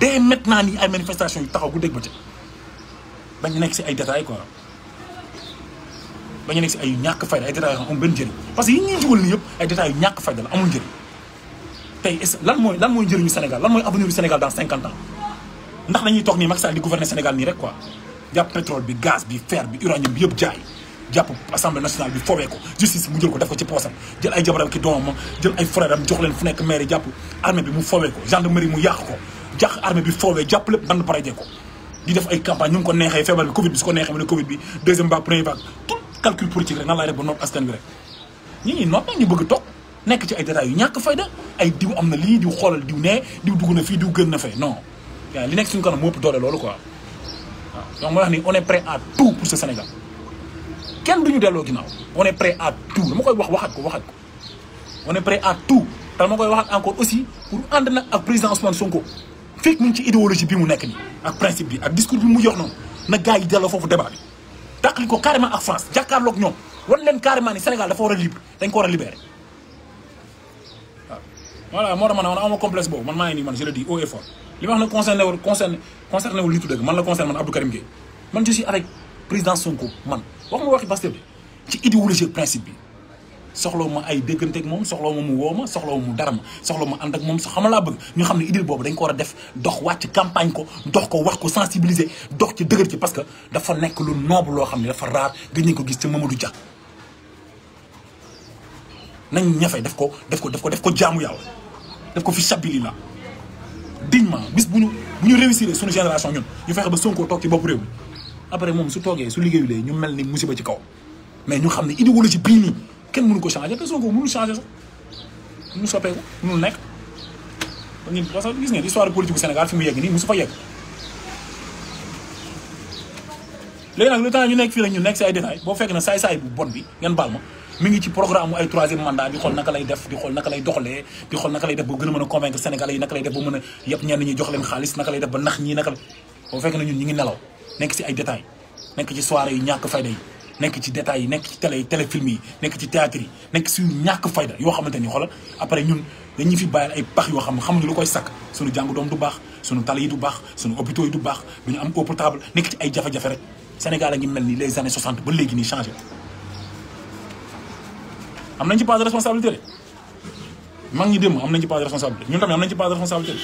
dès maintenant nii ay manifestation yu taxaw bu dégg ba ca bañ nekk si ay détails quoi bañ nekk si ay ñàkk fayda ay détails yoo xam benn njëriñ parce que yi ñuy dugal nii yëpp ay détails yu ñàkk fayda la amul njëriñ tey lan mooy lan mooy njëriñu Sénégal lan mooy avenir du Sénégal dans cinquante ans ndax dañuy toog nii Macky Sall di gouverner Sénégal nii rek quoi jàpp pétrole bi gaz bi fer bi uranium bi yëpp jaay jàpp assemblée nationale bi foowee ko justice mu jël def ko ci poosam jël ay jabaram ki doomam jël ay frèram jox leen fu nekk maire yi jàpp armée bi mu foowee ko mu yàq ko jax armée bi foowee jàpp lépp band dé ko di def ay campagne ñu ko nexé fébal bi covid bi su ko nexé mu covid bi deuxième vague première vague tout calcul politique rek nan laay def ba noot askan bi rek ñi ñi nopp nag ñu bëgg tok nek ci ay détails yu ñak fayda ay diw amna li di xolal diw né diw dugg fi fii diw gën na fay non ya li nek suñu kanam moo ëpp doole loolu quoi donc mo wax ni on est prêt à tout pour ce Sénégal kenn duñu délo ginaaw on est prêt à tout dama koy wax waxat ko waxat ko on est prêt à tout tax ma koy waxat encore aussi pour and nag ak président Ousmane Sonko fekk mu ci idéologie bi mu nekk nii ak principe bi ak discours bi mu jox noonu na gars yi delloo foofu débat bi tàqali ko carrément ak France jàkkaarloog ñoom wan moo tax man man amoo complexe boobu man maa nii man je le dis haut et fort li ma wax ne concerné wul concerné concerné wul nitu dëgg man la concerné man Abdou Karim Gueye man je suis avec son Sonko man wax ma waxi Pastef bi ci idéologie principe bi soxlaw ma ay déggante ak moom soxlaw ma mu woo ma soxlaw ma mu dara ma soxlaw ma ànd ak moom sax xama laa bëgg ñu xam ne Idriss boobu dañ ko war a def dox wàcc campagne ko dox ko wax ko sensibiliser dox ci dëgër ci parce que dafa nekk lu noobu loo xam ne dafa raar gëj nañ ko gis ci Mamadou Dia nañ ñafe def ko def ko def ko def ko jaamu yàlla def ko fi sabili la dignement bis bu ñu bu ñu réussir suñu génération ñun ñu fexe ba Sonko toog ci bopp réew mi après moom su toogee su liggéeyulee ñu mel ni musiba ci kaw mais ñu xam ne idéologie bii nii kenn mënu ko changé te Sonko mënul changé sax mënul soppeeku mënul nekk ba ngeen parce que gis Sénégal fi mu yegg nii mosu fa yegg. léegi nag le temps ñu nekk fii la ñu nekk si ay détails boo na ay def di xool naka lay doxalee di xool naka lay def ba yi naka lay def leen xaalis naka lay nax ñi naka boo fekk na ñun ñu ngi nelaw nekk si ay détails nekk ci soirée ñàkk fayda yi nekk ci détails yi nekk ci télé yi téléfilm yi nekk ci théâtre yi nekk suñu ñàkk fayda yoo xamante ni xoolal après ñun dañuy fi bàyyil ay pax yoo xam ne xamuñu lu koy sakk suñu jàngu doom du baax suñu tal yi du baax suñu hôpitaux yi du baax duñu am eau potable nekk ci ay jafe rek Sénégal a ngi mel ni les années 60 ba léegi nii changé am nañ ci part de responsabilité de mag ñi démb am nañ ci part de responsabilité ñun tamit am nañ ci part de responsabilité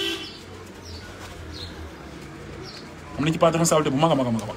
am nañ ci part bu mag a mag a mag a mag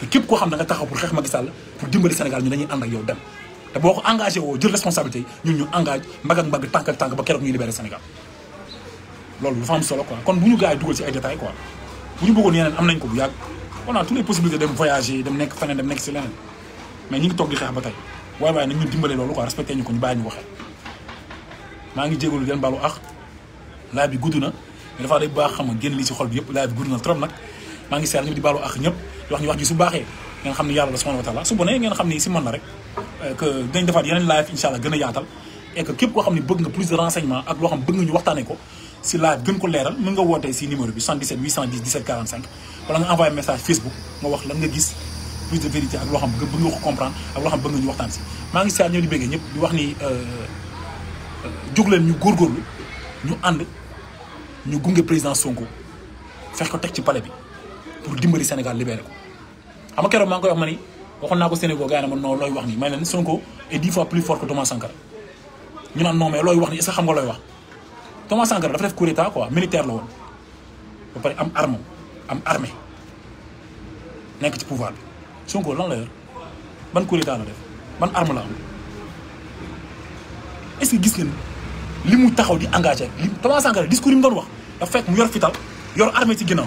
te képp koo xam ne nga taxaw pour xeex Macky Sall pour dimbali Sénégal ñu dañuy ànd ak yow dem te boo ko engagé woo jël responsabilité ñun ñu engage mbagg ak mbagg tànk ak tànk ba keroog solo quoi kon bu ñu gars yi dugal ci bu ñu bëggoon yeneen am nañ ko bu yàgg on a toutes les possibilités dem voyager dem nekk feneen dem nekk si leneen mais ñu ngi toog di xeex ba tey waaye waaye nañ ñu loolu quoi respecté ñu ko ñu bàyyi ñu ko maa ngi jégalu den baalu ax laaj bi gudd na mais dafa day baax xam nga génn si xol yëpp laaj bi na trop nag maa ngi seer ñëpp di baalu ak ñëpp di wax ñu wax la subhanahu wa taala su bonee ngeen xam ni si man la rek euh, que dinañ defaat yeneen live a yaatal et que képp koo xam ne bëgg loo xam bëgg nga ñu waxtaanee ko bi 77 wax lan nga ñu waxtaan si euh, euh, ñu ànd ñu gunge président Sonko fex ko teg ci pale bi pour dimbali Sénégal libéré ko xam nga keroog maa koy wax ma ni waxoon naa ko Sénégal gars yi looy wax nii may leen Sonko est dix fois plus fort que Thomas Sankara ñu naan non mais looy wax nii est ce que xam nga looy wax Thomas Sankara dafa def coup d'état quoi militaire la woon ba pare am arme am ci pouvoir bi Sonko lan la yor ban coup la def ban arme la am est gis ngeen li mu taxaw di engagé li Thomas Sankara discours yi mu doon wax dafa fekk mu yor fital yor armée ci ginnaaw.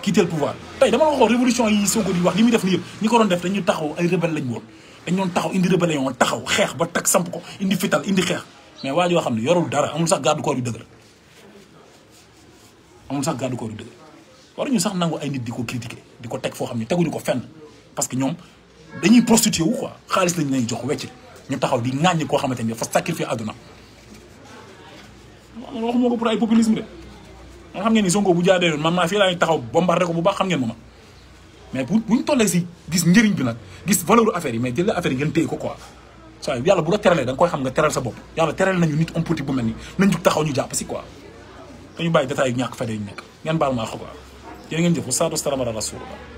quitter le pouvoir tay dama waxo révolution yi Sonko di wax limi def ni yëpp ñi ko don def dañu taxaw ay rebelle lañ won dañ ñon taxaw indi yon taxaw xex ba tak samp ko indi fital indi xex mais waji joo xamni yorul dara amul sax garde corps yu deugal amul sax garde corps yu deugal war ñu sax nangu ay nit diko critiquer diko tek fo xamni teguñu ko fenn parce que ñom dañuy prostituer wu quoi xaliss lañ lay jox wecc ñu taxaw di ŋàññi ko xamanteni fa sacrifier aduna wax moo ko pour ay populisme de man xam ngeen ni Sonko bu jaadee yoon man maa fii laa taxaw bombardé ko bu baax xam ngeen ma mais bu bu tollee si gis njëriñ bi nag gis valeur affaire yi mais jël affaire yi ngeen téye ko quoi saa yàlla bu la teralee da koy xam nga teral sa bopp yàlla teral nañu nit homme politique bu mel ni nañ jug taxaw ñu jàpp si quoi dañu bàyyi détails yu ñàkk fayda yu nekk ngeen baal ma àq quoi yéen ngeen jëf wa salaatu wa salaamu ala rasulillah